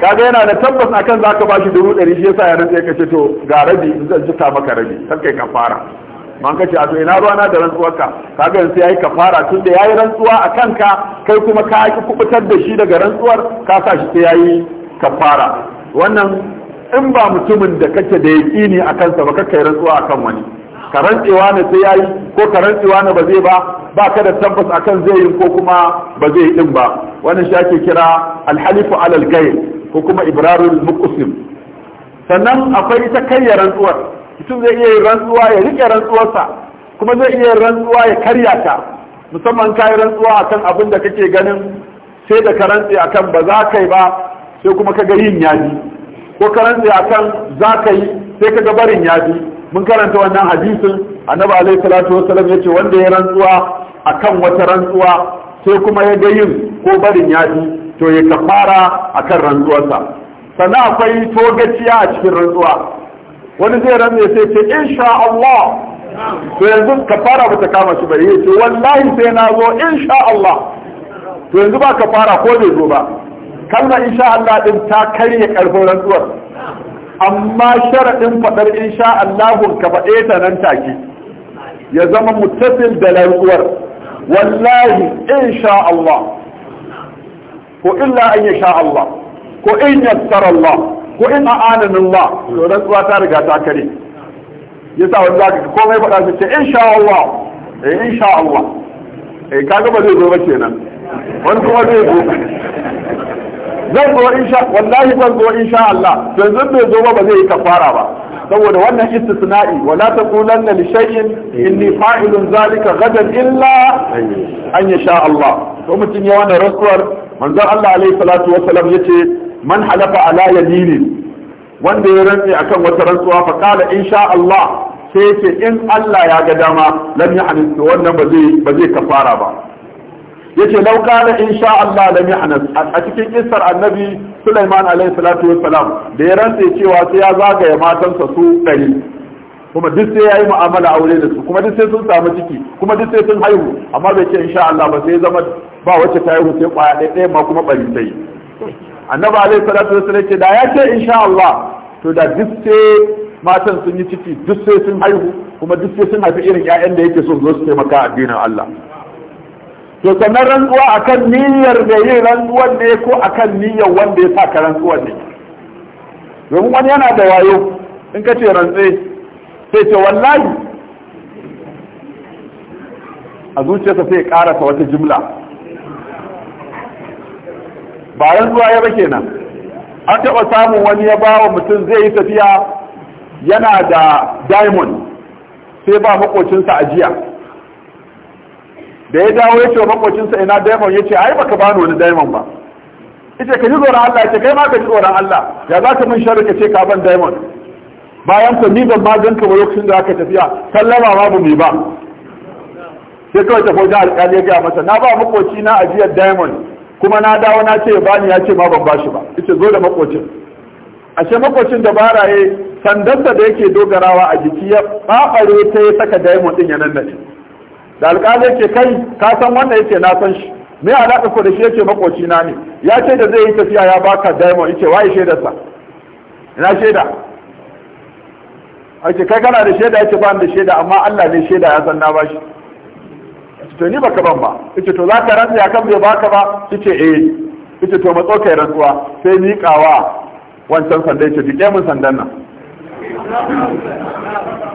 kaga yana da tabbas akan zaka shi dubu ɗari shi yasa ya rantse ka ce to ga rabi in zan cika maka rabi sai kai kafara man kace a to ina na da rantsuwarka kaga yanzu yayi kafara tun da yayi rantsuwa akan ka kai kuma ka ki kubutar da shi daga rantsuwar ka sa shi sai yayi kafara wannan in ba mutumin da kake da yaƙini a kansa ba kakai rantsuwa akan wani ka rantsewa ne sai yayi ko ka rantsewa ne ba zai ba ba ka da tabbas akan zai yi ko kuma ba zai din ba wannan shi ake kira alhalifu alal gayr ko kuma ibrarul muqsim sannan akwai ita karya rantsuwar mutum zai iya yin rantsuwa ya rike rantsuwarsa kuma zai iya rantsuwa ya karya ta musamman ka rantsuwa akan abin da kake ganin sai da ka rantse akan ba za ka ba sai kuma ka ga yin yaji ko ka karanta kan za ka yi sai kaga barin yaji mun karanta wannan hadisin annabi alaihi salatu wasallam yace wanda ya rantsuwa a kan wata rantsuwa sai kuma ya ga yin ko barin yaji to ya kafara akan rantsuwarsa sannan akwai togaciya a cikin rantsuwa wani zai rantsuwa sai ce insha Allah to yanzu kafara ba ta kama shi bari ce wallahi sai na zo insha Allah to yanzu ba kafara ko bai zo ba kalmar insha Allah din ta karya karfin rantsuwar amma sharaɗin faɗar insha Allahun ka faɗe ta nan take ya zama mutasil da rantsuwar wallahi insha Allah ko illa an yasha Allah ko in yassara Allah ko in a'anan Allah to rantsuwa ta riga ta kare yasa wanda zaka komai faɗa su ce insha Allah eh insha Allah eh kaga ba zai zo ba kenan wani kuma zai zo zan zo insha wallahi zan zo insha Allah to yanzu bai zo ba ba zai yi kafara ba saboda wannan istisna'i wala taqulanna li shay'in inni fa'ilun zalika gadan illa an yasha Allah to mutum ya wannan rasuwar manzon Allah alaihi salatu wassalam yace man halafa ala yadini wanda ya rantsi akan wata rantsuwa fa in insha Allah sai in Allah ya ga dama lam ya'ni wannan ba zai ba zai kafara ba yace law kana insha Allah lam mihnas a cikin kissar annabi Sulaiman alaihi salatu wassalam da ya rantse cewa sai ya zagaya matansa su ɗari kuma duk sai yayi mu'amala aure da su kuma duk sai sun samu ciki kuma duk sai sun haihu amma bai ce insha Allah ba sai zama ba wacce ta haihu sai kwaya ɗaya ɗaya ma kuma bari sai annabi alaihi salatu wassalam ce da ya ce insha Allah to da duk sai matan sun yi ciki duk sai sun haihu kuma duk sai sun haifi irin 'ya'yan da yake so su zo su taimaka addinin Allah to sannan rantsuwa akan niyyar da yin rantsuwan ne ko akan niyyar wanda ya sa ka rantsuwan ne domin wani yana da wayo in ka ce rantse sai ce wallahi a zuciyarsa sai ya karasa wata jimla ba rantsuwa ya ba kenan an taɓa samun wani ya bawa mutum zai yi tafiya yana da diamond sai ba makocinsa ajiya da ya dawo ya ce wa makwacinsa ina daimon ya ce ai baka bani wani daimon ba ita ka ji tsoron Allah ce kai ma ka ji tsoron Allah ya za ka min sharri ka ce ka ban daimon bayan ka ni ban ma ganka ba lokacin da aka tafiya sallama ma ba mai ba sai kawai ta fojan alƙali ya gaya masa na ba makwaci na ajiyar diamond kuma na dawo na ce bani ya ce ma ban bashi ba ita zo da makwacin ashe makwacin da baraye sandarsa da yake dogarawa a jiki ya ɓaɓare ta ya saka diamond ɗin ya nan da alƙali yake kai ka san wannan yake na san shi me alaƙa ko da shi yake makoci na ne ya ce da zai yi tafiya ya baka daimon yake waye shaidar sa ina shaida ake kai kana da shaida yake bani da shaida amma Allah ne shaida ya san na ba shi. to ni baka ban ba yace to zaka rantsa kan bai baka ba yace eh yace to matso kai rantsuwa sai miƙawa wancan sanda yace dike mun sandan nan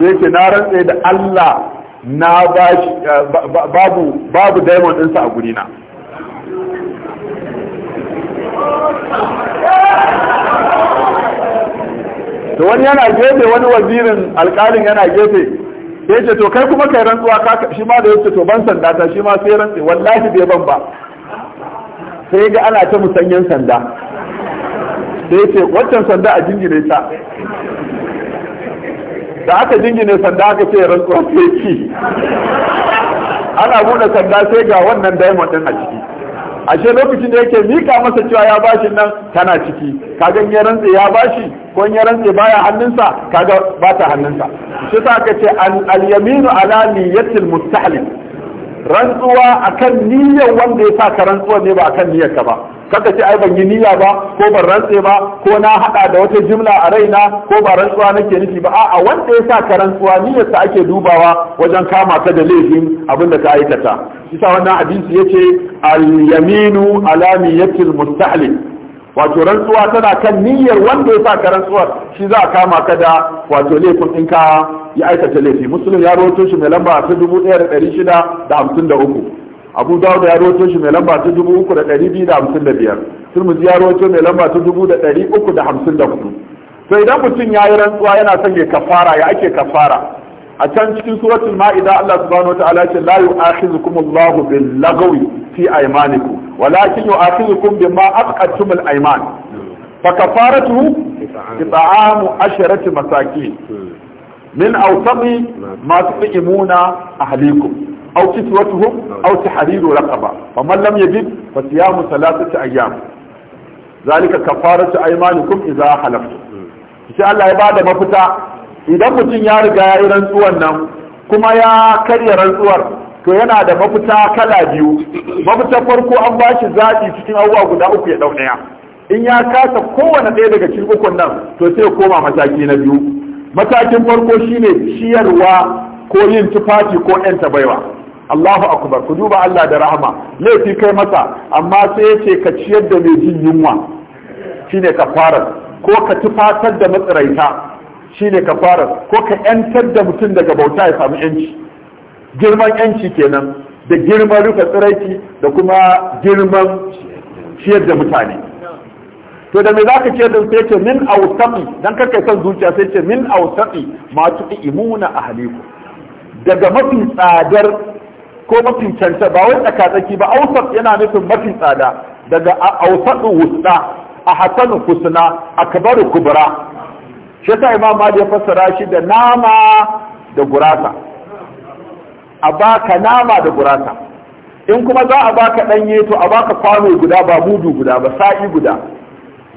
yace na rantsa da Allah na bashi babu babu diamond ɗinsa a gurina to wani yana gefe wani wazirin alkalin yana gefe ya ce to kai kuma kai rantsuwa ka shi ma da yace to ban sanda ta shi ma sai rantsi wallahi bai ban ba sai ga ana ta musanyen sanda sai ce waccan sanda a jinjire ta da aka jingine sanda aka ce rantsuwa ce ki ana buɗe sanda sai ga wannan diamond ɗin a ciki ashe lokacin da yake mika masa cewa ya bashi nan tana ciki kaga ya rantse ya bashi ko ya rantse baya hannunsa kaga bata hannunsa shi sa aka ce al yaminu ala niyatil mustahlim rantsuwa kan niyyar wanda ya sa ka rantsuwa ne ba a kan niyyar ka ba kaka ce ai ban yi niyya ba ko ban rantse ba ko na hada da wata jimla a raina ko ba rantsuwa nake nufi ba a'a wanda ya sa ka rantsuwa niyyar sa ake dubawa wajen kama ka da laifin abin da ka aikata isa wannan hadisi yace al yaminu ala niyyatil wato rantsuwa tana kan niyyar wanda ya sa ka rantsuwar shi za a kama ka da wato laifin in ya aikata laifi musulun ya rawaito shi mai lamba ta uku abu dawud ya rawaito shi mai lamba ta biyar turmuzi ya rawaito mai lamba ta hudu sai idan mutum ya yi rantsuwa yana son ya kafara ya ake kafara a can cikin suratul ma'ida Allah subhanahu wataala ce la yu'akhidhukum Allahu bil lagwi fi aymanikum walakin yu'akhidhukum bima aqadtum al ayman fa kafaratuhu it'amu asharati masakin min awsaqi ma tuqimuna ahlikum aw kiswatuhum aw tahriru raqaba faman lam yajid fa siyamu thalathati ayyam zalika kafaratu aymanikum idza Ya sai Allah ya bada mafita idan mutum ya riga ya yi rantsuwan nan kuma ya karya rantsuwar to yana da mafita kala biyu mafitar farko an ba shi zaɓi cikin abubuwa guda uku ya ɗau ɗaya in ya kasa kowane ɗaya daga cikin ukun nan to sai ya koma mataki na biyu matakin farko shine ciyarwa ko yin tufafi ko yan baiwa Allahu akbar ku duba Allah da rahama laifi kai masa amma sai yace ka ciyar da mai jin yunwa shine ka fara. ko ka tufatar da matsiraita shine ka fara. ko ka yantar da mutum daga bauta ya samu yanci girman yanci kenan da girman rufe tsiraici da kuma girman ciyar da mutane to da me za ce don sai ce min awsaqi don kai son zuciya sai ce min awsaqi ma a haliku. daga mafi tsadar ko mafi canta ba wai tsakatsaki ba awsaq yana nufin mafi tsada daga awsaqu wusta ahsanu husna kabaru kubra shi yasa imam mali ya fassara shi da nama da gurasa a baka nama da gurasa in kuma za a baka ɗanye to a baka kwano guda ba mudu guda ba sa'i guda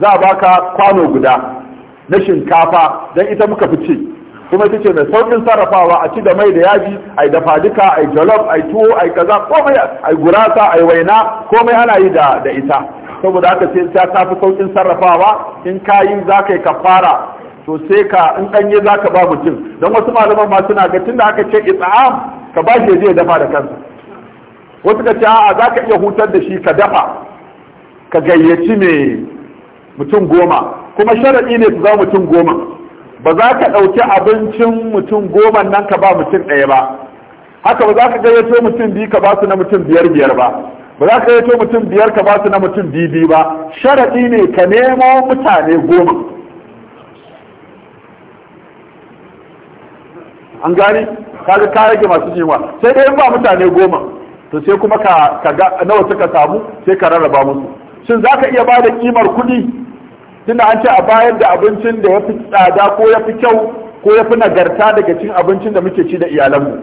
za a baka kwano guda na shinkafa don ita muka fi ci kuma ita ce mai saukin sarrafawa a ci da mai da yaji ai dafa duka ai a ai tuwo yi kaza komai yi gurasa ai waina komai ana yi da ita saboda haka sai ta tafi saukin sarrafawa in kayi za ka yi kafara to sai ka in ɗanye za ka ba mutum don wasu malaman ma suna ga tun da aka ce am ka ba shi ya dafa da kansa wasu ka ce a'a za ka iya hutar da shi ka dafa ka gayyaci mai mutum goma kuma sharaɗi ne su za mutum goma ba za ka ɗauki abincin mutum goma nan ka ba mutum ɗaya ba haka ba za ka gayyato mutum biyu ka ba su na mutum biyar biyar ba ba za ka gayyato mutum biyar ka ba su na mutum biyu biyu ba sharaɗi ne ka nemo mutane goma an gani kaga ka rage masu jiwa sai dai in ba mutane goma to sai kuma ka ga, nawa suka samu sai ka rarraba musu shin za ka iya ba da kimar kuɗi tunda an ce a bayar da abincin da ya fi tsada ko ya fi kyau ko ya fi nagarta daga cin abincin da muke ci da iyalanmu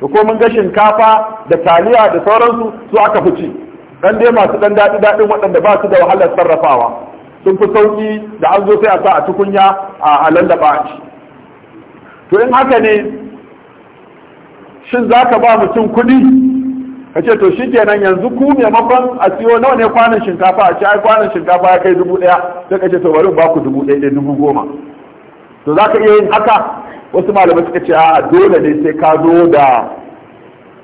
da ko mun ga shinkafa da taliya da sauransu su aka fi ci dan dai masu dan daɗi daɗin waɗanda ba su da wahalar sarrafawa sun fi sauƙi da an zo sai a sa a tukunya a lallaba a ci to in haka ne shin za ka ba mutum kuɗi ka ce to shi kenan yanzu ku maimakon a siyo nawa ne kwanan shinkafa a ce ai kwanan shinkafa ya kai dubu ɗaya sai ka ce to bari ba ku dubu ɗaya dubu goma to za ka iya yin haka wasu malamai suka ce a dole ne sai ka zo da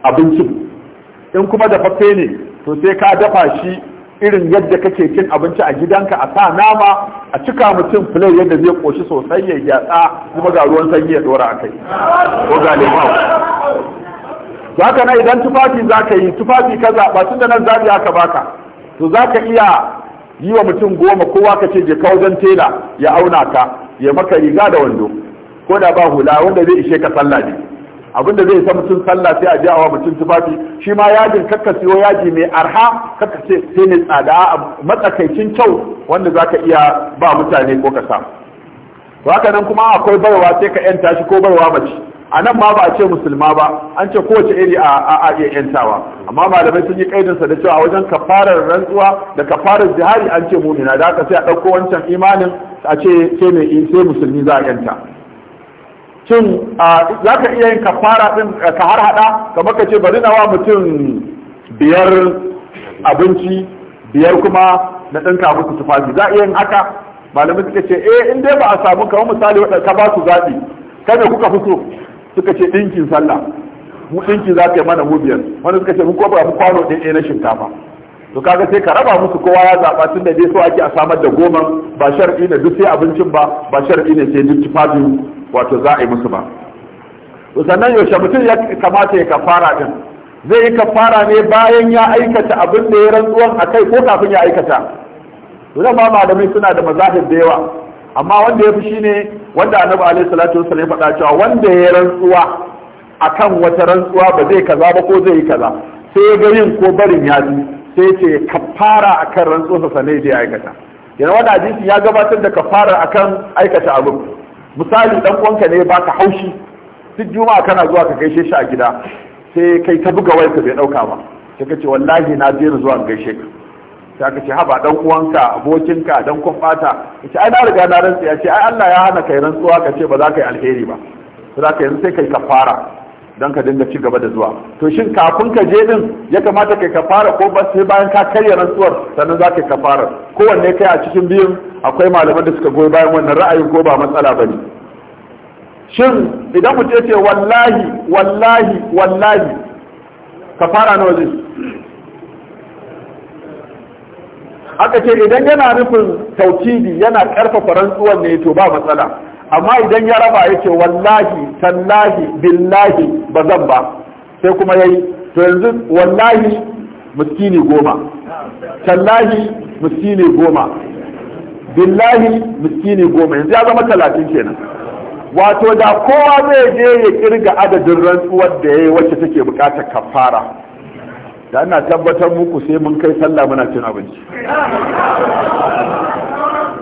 abincin in kuma dafaffe ne to sai ka dafa shi irin yadda kake cin abinci a gidanka a sa nama a cika mutum filai yadda zai koshi sosai ya gyatsa kuma ga ruwan sanyi ya dora a kai ko ga lemu to haka na idan tufafi za ka yi tufafi ka zaɓa tun da nan zaɓi aka baka to za ka iya yi wa mutum goma kowa ka ce je ka wajen tela ya auna ka ya maka riga da wando ko da ba hula wanda zai ishe ka sallah ne abin da zai sa mutum sallah sai a je wa mutum tufafi shi ma yajin kakka siyo yaji mai arha kakka ce sai ne tsada a matsakaicin kyau wanda za ka iya ba mutane ko ka samu to haka nan kuma akwai barwa sai ka yanta shi ko barwa mace a nan ma ba a ce musulma ba an ce kowace iri a a iya yantawa amma malamai sun yi sa da cewa a wajen kafarar rantsuwa da kafarar zihari an ce mumina da aka sai a ɗauko wancan imanin a ce sai mai sai musulmi za a yanta shin za ka iya yin kafara din ka har hada kamar ka ce bari wa mutum biyar abinci biyar kuma na ɗinka musu tufafi za a iya yin haka malamai suka ce eh in dai ba a samu kamar misali wadanda ka ba su zaɓi kada kuka fito suka ce ɗinkin sallah mu ɗinkin za ka yi mana mu biyar wani suka ce mu kofa mu kwano ɗin ɗaya na shinkafa to kaga sai ka raba musu kowa ya zaɓa tun da dai so ake a samar da goma ba shar'i ne duk sai abincin ba ba shar'i ne sai duk tufafin wato za a yi musu ba to sannan yaushe mutum ya kamata ya kafara din zai yi kafara ne bayan ya aikata abin da ya rantsuwan a kai ko kafin ya aikata to ma malamai suna da mazahir da yawa amma wanda ya fi shi ne, wanda annabi alaihi salatu wasallam ya faɗa cewa wanda ya rantsuwa akan wata rantsuwa ba zai kaza ba ko zai yi kaza sai ya ga yin ko barin ya ji sai ce kafara akan sa sanai da ya aikata yana wani hadisi ya gabatar da kafara akan aikata abin misali dan uwanka ne baka haushi duk juma'a kana zuwa ka gaishe shi a gida sai kai ta buga wayarka bai ɗauka ba sai ka ce wallahi na je zuwa gaishe ka sai aka ce haba dan uwanka abokinka dan kun fata ce ai na riga na rantsa ce ai Allah ya hana kai rantsuwa ka ce ba za ka yi alheri ba to za ka yanzu sai kai kafara dan ka dinga ci gaba da zuwa to shin kafin ka je din ya kamata kai kafara ko ba sai bayan ka karya rantsuwar sannan za ka yi kafara kowanne kai a cikin biyun akwai malaman da suka goyi bayan wannan ra'ayin ko ba matsala bane shin idan mutum ya ce wallahi wallahi wallahi kafara nawa zai aka ce idan yana nufin taukidi yana karfafa rantsuwan ne to ba matsala amma idan ya raba ya ce wallahi tallahi billahi ba zan ba sai kuma yayi to yanzu wallahi miskini goma tallahi miskini goma billahi miskini goma yanzu ya zama talatin kenan wato da kowa zai je ya kirga adadin rantsuwar da ya yi wacce take bukatar kafara da ana tabbatar muku sai mun kai sallah muna cin abinci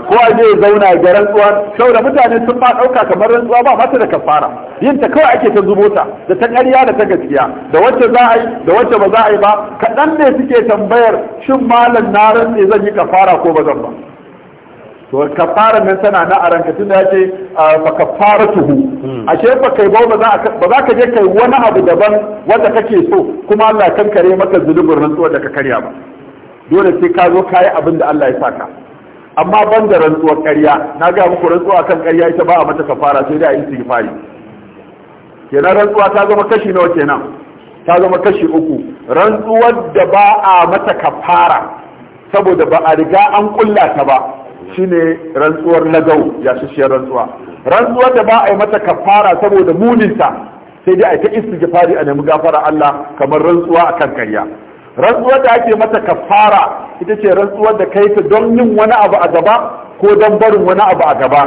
ko a zai zauna ga rantsuwa saboda mutane sun ba ɗauka kamar rantsuwa ba mata da kafara yin ta kawai ake ta zubo ta da ta ƙarya da ta gaskiya da wacce za a yi da wacce ba za a yi ba kaɗan ne suke tambayar shin malam na rantse zan yi kafara ko ba zan ba to kafara nan tana na a ranka tunda yace fa kafaratuhu hmm. ashe fa kai ba ba za ka je kai wani abu daban wanda kake so kuma Allah kan kare maka zulubin rantsuwar da ka karya ba dole sai ka zo kai abin da Allah ya saka amma ban da rantsuwar ƙarya na ga muku rantsuwa kan ƙarya ita ba a mata kafara sai dai a yi istighfari kenan rantsuwa ta zama kashi nawa kenan ta zama kashi uku rantsuwar da ba a mata kafara saboda ba a riga an kulla ta ba shine rantsuwar nagau ya shiyar rantsuwa rantsuwar da ba a yi mata kafara saboda muninta sai dai a ta istighfari a nemi gafara Allah kamar rantsuwa akan karya rantsuwar da ake mata kafara ita ce rantsuwar da kai ta don yin wani abu a gaba ko don barin wani abu a gaba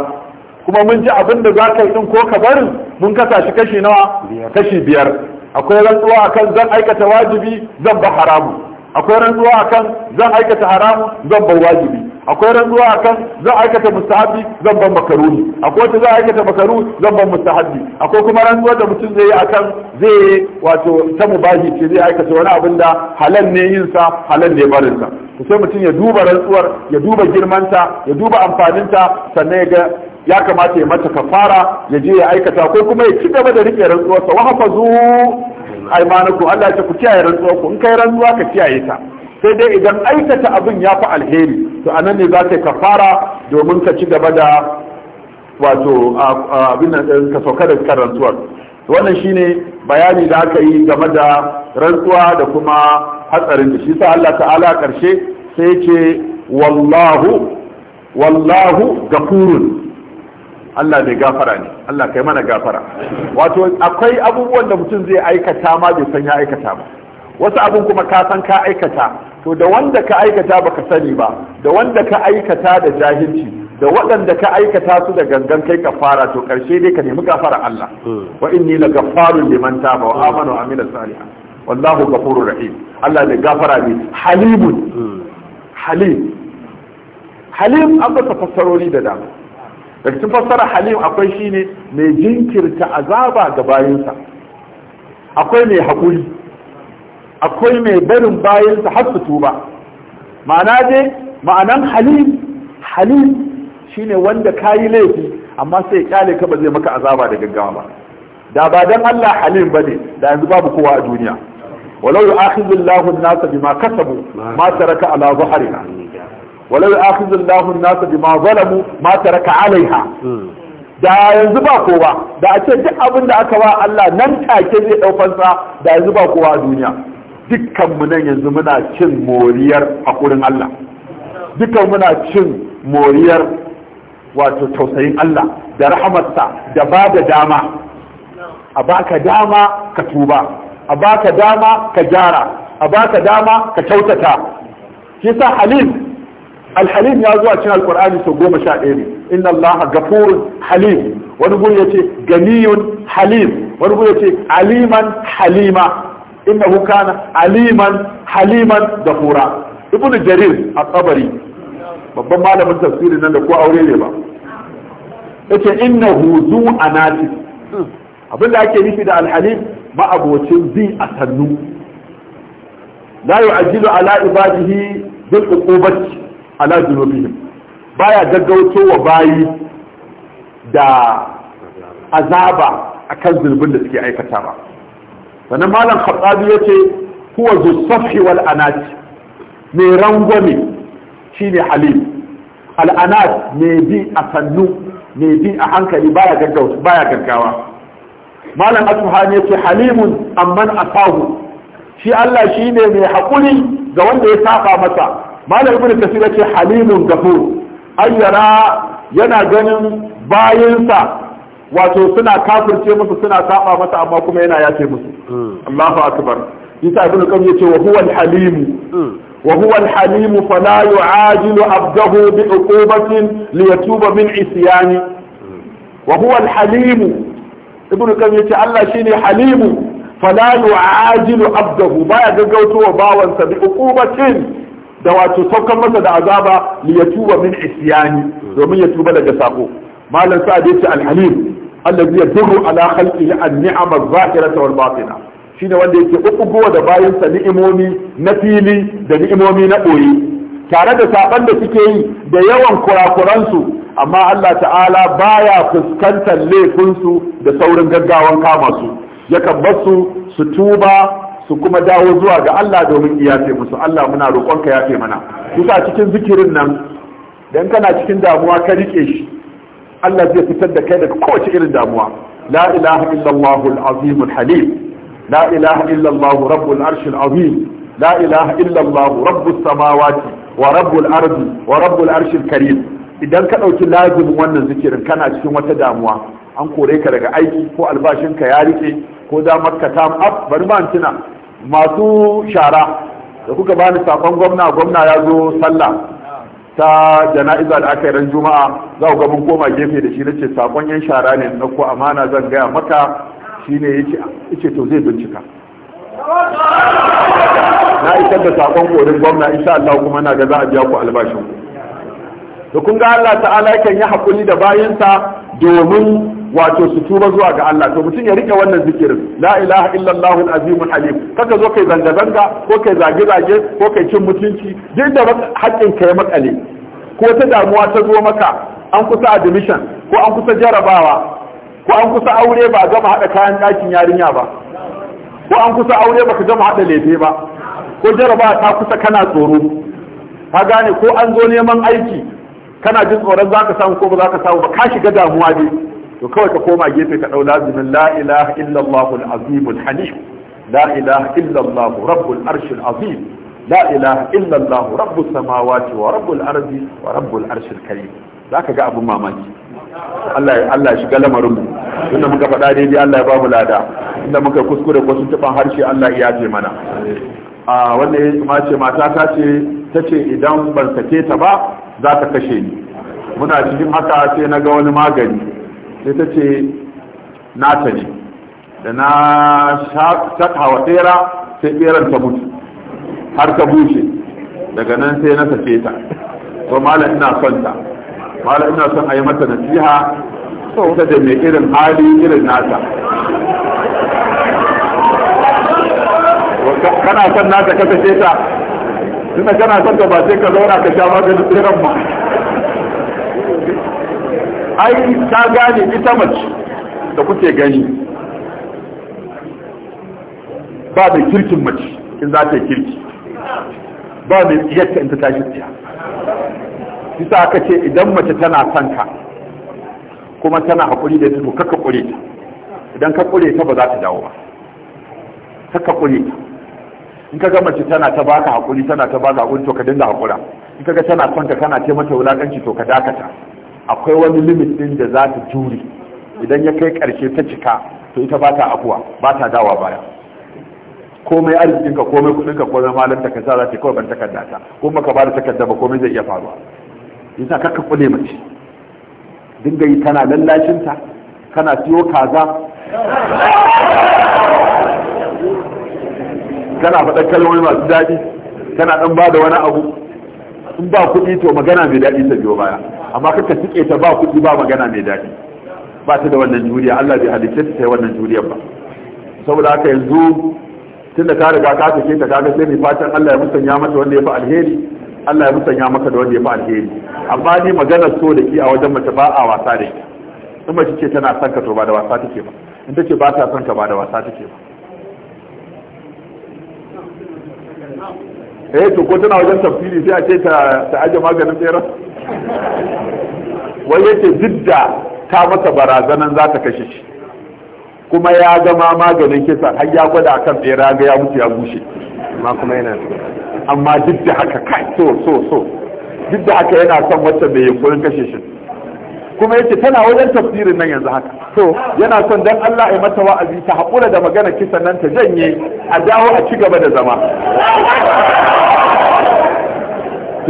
kuma mun ji abin da za ka yi din ko ka barin mun kasa shi kashi nawa kashi biyar akwai rantsuwa akan zan aikata wajibi zan ba haramu akwai rantsuwa akan zan aikata haramu zan ba wajibi akwai rantsuwa akan zan aikata mustahabi zan ban makaruni akwai wata zan aikata makaruni zan ban mustahabi akwai kuma rantsuwa da mutum zai yi akan zai wato ta mubahi ce zai aikata wani abin da halal ne yin sa halal ne barin sa sai mutum ya duba rantsuwar ya duba girmanta ya duba amfaninta sannan ya ga ya kamata ya mata kafara ya je ya aikata ko kuma ya ci gaba da rike sa wa hafazu Allah ya ku kiyaye ku in kai rantsuwa ka kiyaye ta sai dai idan aikata abin ya fi alheri to anan ne za ka kafara domin ka ci gaba da wato abin nan eh, ka sauka da kan rantsuwar wannan shine bayani da aka yi game da rantsuwa da kuma hatsarin da shi sa Allah ta'ala karshe sai ce wallahu wallahu gafurun Allah bai gafara ne Allah kai mana gafara wato akwai abubuwan da mutum zai aikata ma bai san ya aikata ba wasu abun kuma ka san ka aikata to da wanda ka aikata baka sani ba da wanda ka aikata da jahilci da waɗanda ka aikata su da gangan kai ka fara to karshe dai ka nemi gafara Allah hmm. wa inni la gaffarun liman taba wa amana wa amila salihan wallahu ghafurur rahim Allah ne gafara ne halimun hmm. halim halim an ba fassarori da dama da cikin fassara halim akwai shine mai jinkirta azaba ga bayinsa akwai mai hakuri. akwai mai barin bayansa har su tuba ma'ana dai ma'anan halim halim shine wanda ka yi laifi amma sai kyale ka ba zai maka azaba da gaggawa ba da ba dan Allah ba ne da yanzu babu kowa a duniya walau yu'akhidhu Allahu an-nasa bima kasabu ma taraka ala dhahrina walau yu'akhidhu Allahu an-nasa bima zalamu ma taraka alaiha da yanzu ba kowa da a ce duk abin da aka ba Allah nan take zai daukansa da yanzu ba kowa a duniya mu nan yanzu muna cin moriyar haƙurin Allah dukkan muna cin moriyar wato tausayin Allah da rahamarsa da ba da dama a baka dama ka tuba a baka dama ka gyara a baka dama ka kyautata shi sa halim alhalim ya zuwa cin alkur'ani sau goma sha ɗaya ne inna allaha gafurun halim wani gun ya ce ganiyun halim wani gun ya ce aliman halima innahu kana aliman haliman da kura ibnu jarir at-tabari babban malamin tafsiri nan da ko aure ne ba yace innahu zu anati abinda ake nufi da al-halim ma'abocin bi a sannu la yu'ajjilu ala ibadihi bil uqubati ala dhunubihim baya gaggauto wa bayi da azaba akan zulbin da suke aikata ba sannan malam khattabi yace huwa zusafi wal anat me rangwame shine halim al anat me bi a sannu me bi a hankali baya gaggawa baya gaggawa malam asmahani yace halimun amman asahu shi Allah shine mai hakuri ga wanda ya saba masa malam ibnu kasir yace halimun gafur ayyara yana ganin bayansa wato suna kafirce musu suna saba masa amma kuma yana yace musu Allahu akbar yasa ibnu qayyim yace wa huwa al-halim hmm. wa huwa al-halim fala yu'ajilu abdahu bi uqubatin liyatuba min isyani wa huwa al-halim ibnu qayyim yace Allah shine halim fala yu'ajilu abdahu baya gaggautowa bawansa bi uqubatin da wato saukar masa da azaba liyatuba min isyani domin ya tuba daga sako malam sa'ad yace al-halim allazi yadurru ala khalqi an-ni'ama adh wal-batina shine wanda yake ukugo da sa ni'imomi na fili da ni'imomi na boye tare da saban da suke yi da yawan kurakuransu amma Allah ta'ala baya fuskantar laifinsu da saurin gaggawan kama su yakan bar su su tuba su kuma dawo zuwa ga Allah domin iyafe musu Allah muna roƙonka yafe mana kusa cikin zikirin nan dan kana cikin damuwa ka rike shi Allah zai fitar da kai daga kowace irin damuwa la ilaha illallah al-azim al-halim la ilaha illallah rabbul arsh al-azim la ilaha illallah rabbus samawati wa rabbul ardi wa rabbul arsh al-karim idan ka dauki lazimin wannan zikirin kana cikin wata damuwa an kore ka daga aiki ko albashinka ya rike ko damar ka tam up bari ma tuna masu shara da kuka bani sakon gwamna gwamna ya zo sallah ta jana'iza da aka yi ran juma'a za ku ga mun koma gefe da shi nace sakon yan shara ne na ko amana zan gaya maka shine yace yace to zai bincika na isar da sakon korin gwamna insha Allah kuma na ga za a biya ku albashin ku to kun ga Allah ta'ala kan yi hakuri da bayinsa domin wato su tuba zuwa ga Allah to mutum ya rike wannan zikirin la ilaha illallah al-azim kaka zo kai zanga zanga ko kai zage zage ko kai cin mutunci duk da haƙƙin kai makale ko ta damuwa ta zo maka an kusa admission ko an kusa jarabawa ko an kusa aure ba gama hada kayan ɗakin yarinya ba ko an kusa aure baka gama hada lefe ba ko jarabawa ta kusa kana tsoro ka gane ko an zo neman aiki kana jin tsoron zaka samu ko ba zaka samu ba ka shiga damuwa dai to kawai ka koma gefe ka dau lazimin la ilaha illallah al-azim al-halim la ilaha illallah rabbul arsh al-azim la ilaha illallah rabbus samawati wa rabbul ardi wa rabbul arsh al-karim zaka ga abun mamaki Allah Allah shiga lamarin mu inda muka faɗa daidai Allah ya ba mu lada inda muka kuskure ko sun taba harshe Allah ya je mana a wanda ya ma ce mata ta ce ta ce idan ban sake ta ba za ta kashe ni muna cikin haka sai na ga wani magani sai ta ce nata ne da na saka wa tsera sai beran ta mutu har ta bushe daga nan sai na sake ta so malam ina son ta malam ina son a yi mata nasiha ta da mai irin hali irin nata kana son nata ka sake ta suna kana son ta ba sai ka zauna ka sha maganin tseren ba ai ta gane ita mace da kuke gani ba mai kirkin mace in za ta yi kirki ba mai tsiyarta in ta tashi tsiya isa aka ce idan mace tana son ka kuma tana haƙuri da ta kaka ƙure ta idan ka ƙure ta ba za ta dawo ba kaka ƙure ta in ka ga mace tana ta baka haƙuri tana ta baka haƙuri to ka dinga haƙura in ka ga tana son ka kana ce mata wulaƙanci to ka dakata akwai wani limit din da za ta jure idan ya kai karshe ta cika to ita ba ta afuwa ba ta dawa baya komai arzikinka komai kudinka komai malam ta kasa za ta kawai ban takarda ta kuma ka ba da takarda ba komai zai iya faruwa yasa kakka kule mace dinga yi kana lallashinta kana siyo kaza kana faɗa kalmomi masu daɗi kana ɗan ba da wani abu in ba kuɗi to magana mai daɗi ta biyo baya amma kaka suke ta ba kuɗi ba magana mai daɗi ba ta da wannan juriya Allah bai halicce ta yi wannan juriyar ba saboda haka yanzu tunda ka riga ka take ta kaga sai mai fatan Allah ya musanya mata wanda ya fi alheri Allah ya musanya maka da wanda ya fi alheri amma ni magana so da ki a wajen mace ba a wasa da ki in mace ce tana son ka to ba da wasa take ba in take ba ta son ka ba da wasa take ba eh to ko tana wajen tafsiri sai a ce ta aje maganin tsere wai yake duk da ta masa barazanan za ta kashe shi kuma ya gama maganin kisa har ya gwada akan bera ga ya mutu ya bushe amma kuma yana amma duk da haka kai so so so duk da haka yana son wacce mai yunkurin kashe shi kuma yace tana wajen tafsirin nan yanzu haka so yana son dan Allah ya mata wa'azi ta haƙura da magana kisan nan ta janye a dawo a ci gaba da zama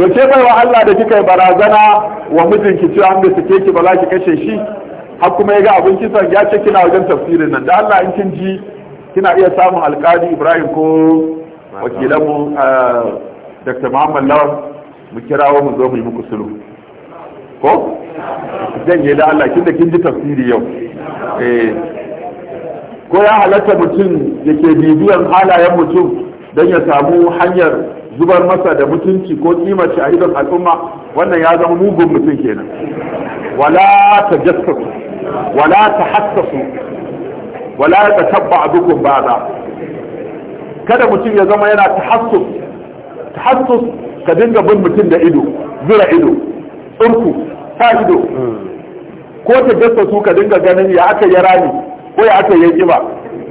to ke bai wa Allah da kika yi barazana wa mijinki cewa an bai suke ki ba za ki kashe shi har kuma ya ga abin kisan ya ce kina wajen tafsirin nan da Allah in kin ji kina iya samun alƙali Ibrahim ko mu eh, Dr. Muhammad Lawan mu kirawo mu zo mu yi muku sulhu ko zan yi da Allah kin da kin ji tafsiri yau eh ko ya halatta mutum yake bibiyan halayen mutum don ya samu hanyar zubar masa da mutunci ko kimar a idon al'umma wannan ya zama mugun mutum kenan wala ta jaskatu, wala ta hassasu wala ta tabba abukun ba'da kada mutum ya zama yana tahassus tahassus ka dinga bin mutum da ido zura ido tsurku ta ido ko ta jaskatu ka dinga ganin ya aka yi rani ko ya aka ya kiba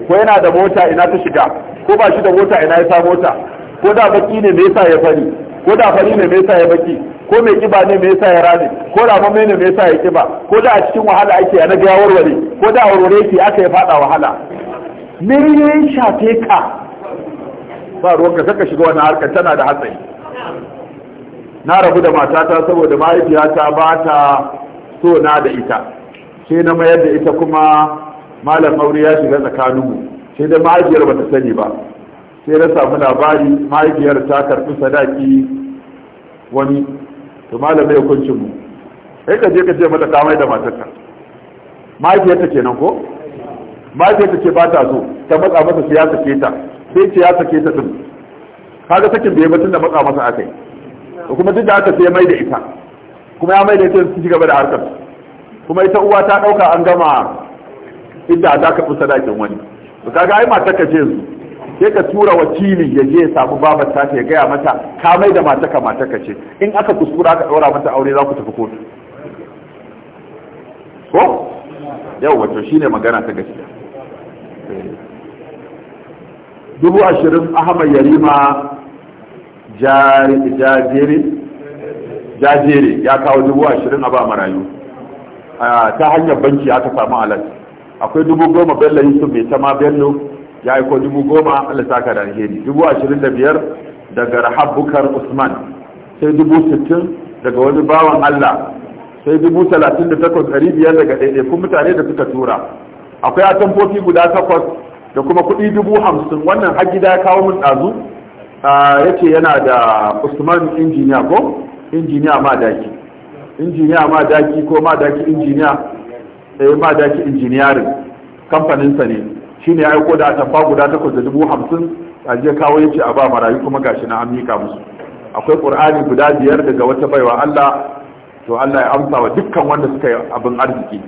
ko yana da mota ina ta shiga ko ba shi da mota ina ya sa mota ko da baki ne me yasa ya fari ko da fari ne me yasa ya baki ko mai kiba ne me yasa ya rani? ko da mamaye ne me yasa ya kiba ko da a cikin wahala ake na ga warware ko da a warware yake aka ya fada wahala me ya shafe ka ba ruwan ka saka shiga wani harkar tana da hatsari na rabu da matata saboda mahaifiyata ba ta so na da ita sai na mayar da ita kuma malam aure ya shiga tsakaninmu sai da mahaifiyar ba ta sani ba sai na samu labari mahaifiyar ta karɓi sadaki wani to malamai ya kunci mu sai ka je ka ce mata kamai da matarka mahaifiyarta kenan ko mahaifiyarta ce ba ta so ta matsa masa sai ya sake ta sai ce ya sake ta din kaga sakin bai batun da matsa masa akai kuma duk da haka sai mai da ita kuma ya mai da ita su ci gaba da harkar kuma ita uwa ta dauka an gama idda ka fi sadakin wani to kaga ai matar ka ce su sai ka tura wakili ya je ya samu babar ta ya gaya mata ka mai da mata ka mata ka ce in aka kuskura aka ɗora mata aure za ku tafi kotu ko yau wato shine magana ta gaskiya dubu ashirin ahmad yarima jajere ya kawo dubu ashirin a ba marayu ta hanyar banki ta samu alat akwai dubu goma bello yusuf mai tama bello ya ko dubu goma Allah ka da alheri dubu ashirin da biyar daga rahab bukar usman sai dubu sittin daga wani bawan allah sai dubu talatin da takwas ɗari biyar daga ɗaiɗaikun mutane da suka tura akwai atamfofi guda takwas da kuma kuɗi dubu hamsin wannan har gida ya kawo min ɗazu ya ce yana da usman injiniya ko injiniya ma daki injiniya ma daki ko ma daki injiniya eh ma daki injiniyarin kamfaninsa ne shine ya aiko da atamfa guda takwas da dubu hamsin a je kawo ya ce a ba marayu kuma gashi na an mika musu akwai ƙur'ani guda biyar daga wata baiwa Allah to Allah ya amsa wa dukkan wanda suka yi abin arziki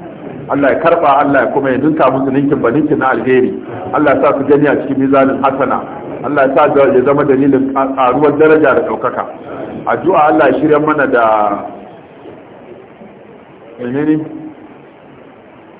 Allah ya karba Allah ya kuma ya ninka musu ninkin ba ninkin na alheri Allah ya sa su gani a cikin mizanin hasana Allah ya sa ya zama dalilin karuwar daraja da a addu'a Allah ya shirya mana da menene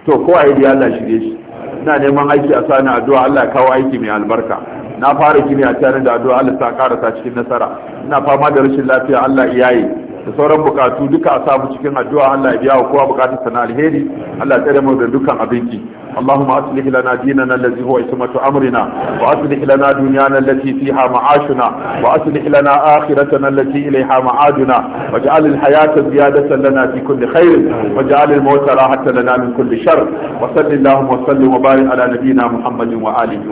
to ko a yi Allah shirye shi ina neman aiki a sani addu'a Allah ya kawo aiki mai albarka na fara gini a tare da addu'a Allah ta karasa cikin nasara ina fama da rashin lafiya Allah iyaye da sauran bukatu duka a samu cikin addu’a Allah ya biya wa kowa bukatarsa na alheri Allah ya tsere mu da dukan abinci Allahumma aslih lana dinana allazi huwa ismatu amrina wa aslih lana dunyana allati fiha ma'ashuna wa aslih lana akhiratana allati ilayha ma'aduna waj'al al-hayata ziyadatan lana fi kulli khair waj'al al-mauta rahatan lana min kulli shar wa sallallahu wa sallim wa barik ala nabiyyina muhammadin wa alihi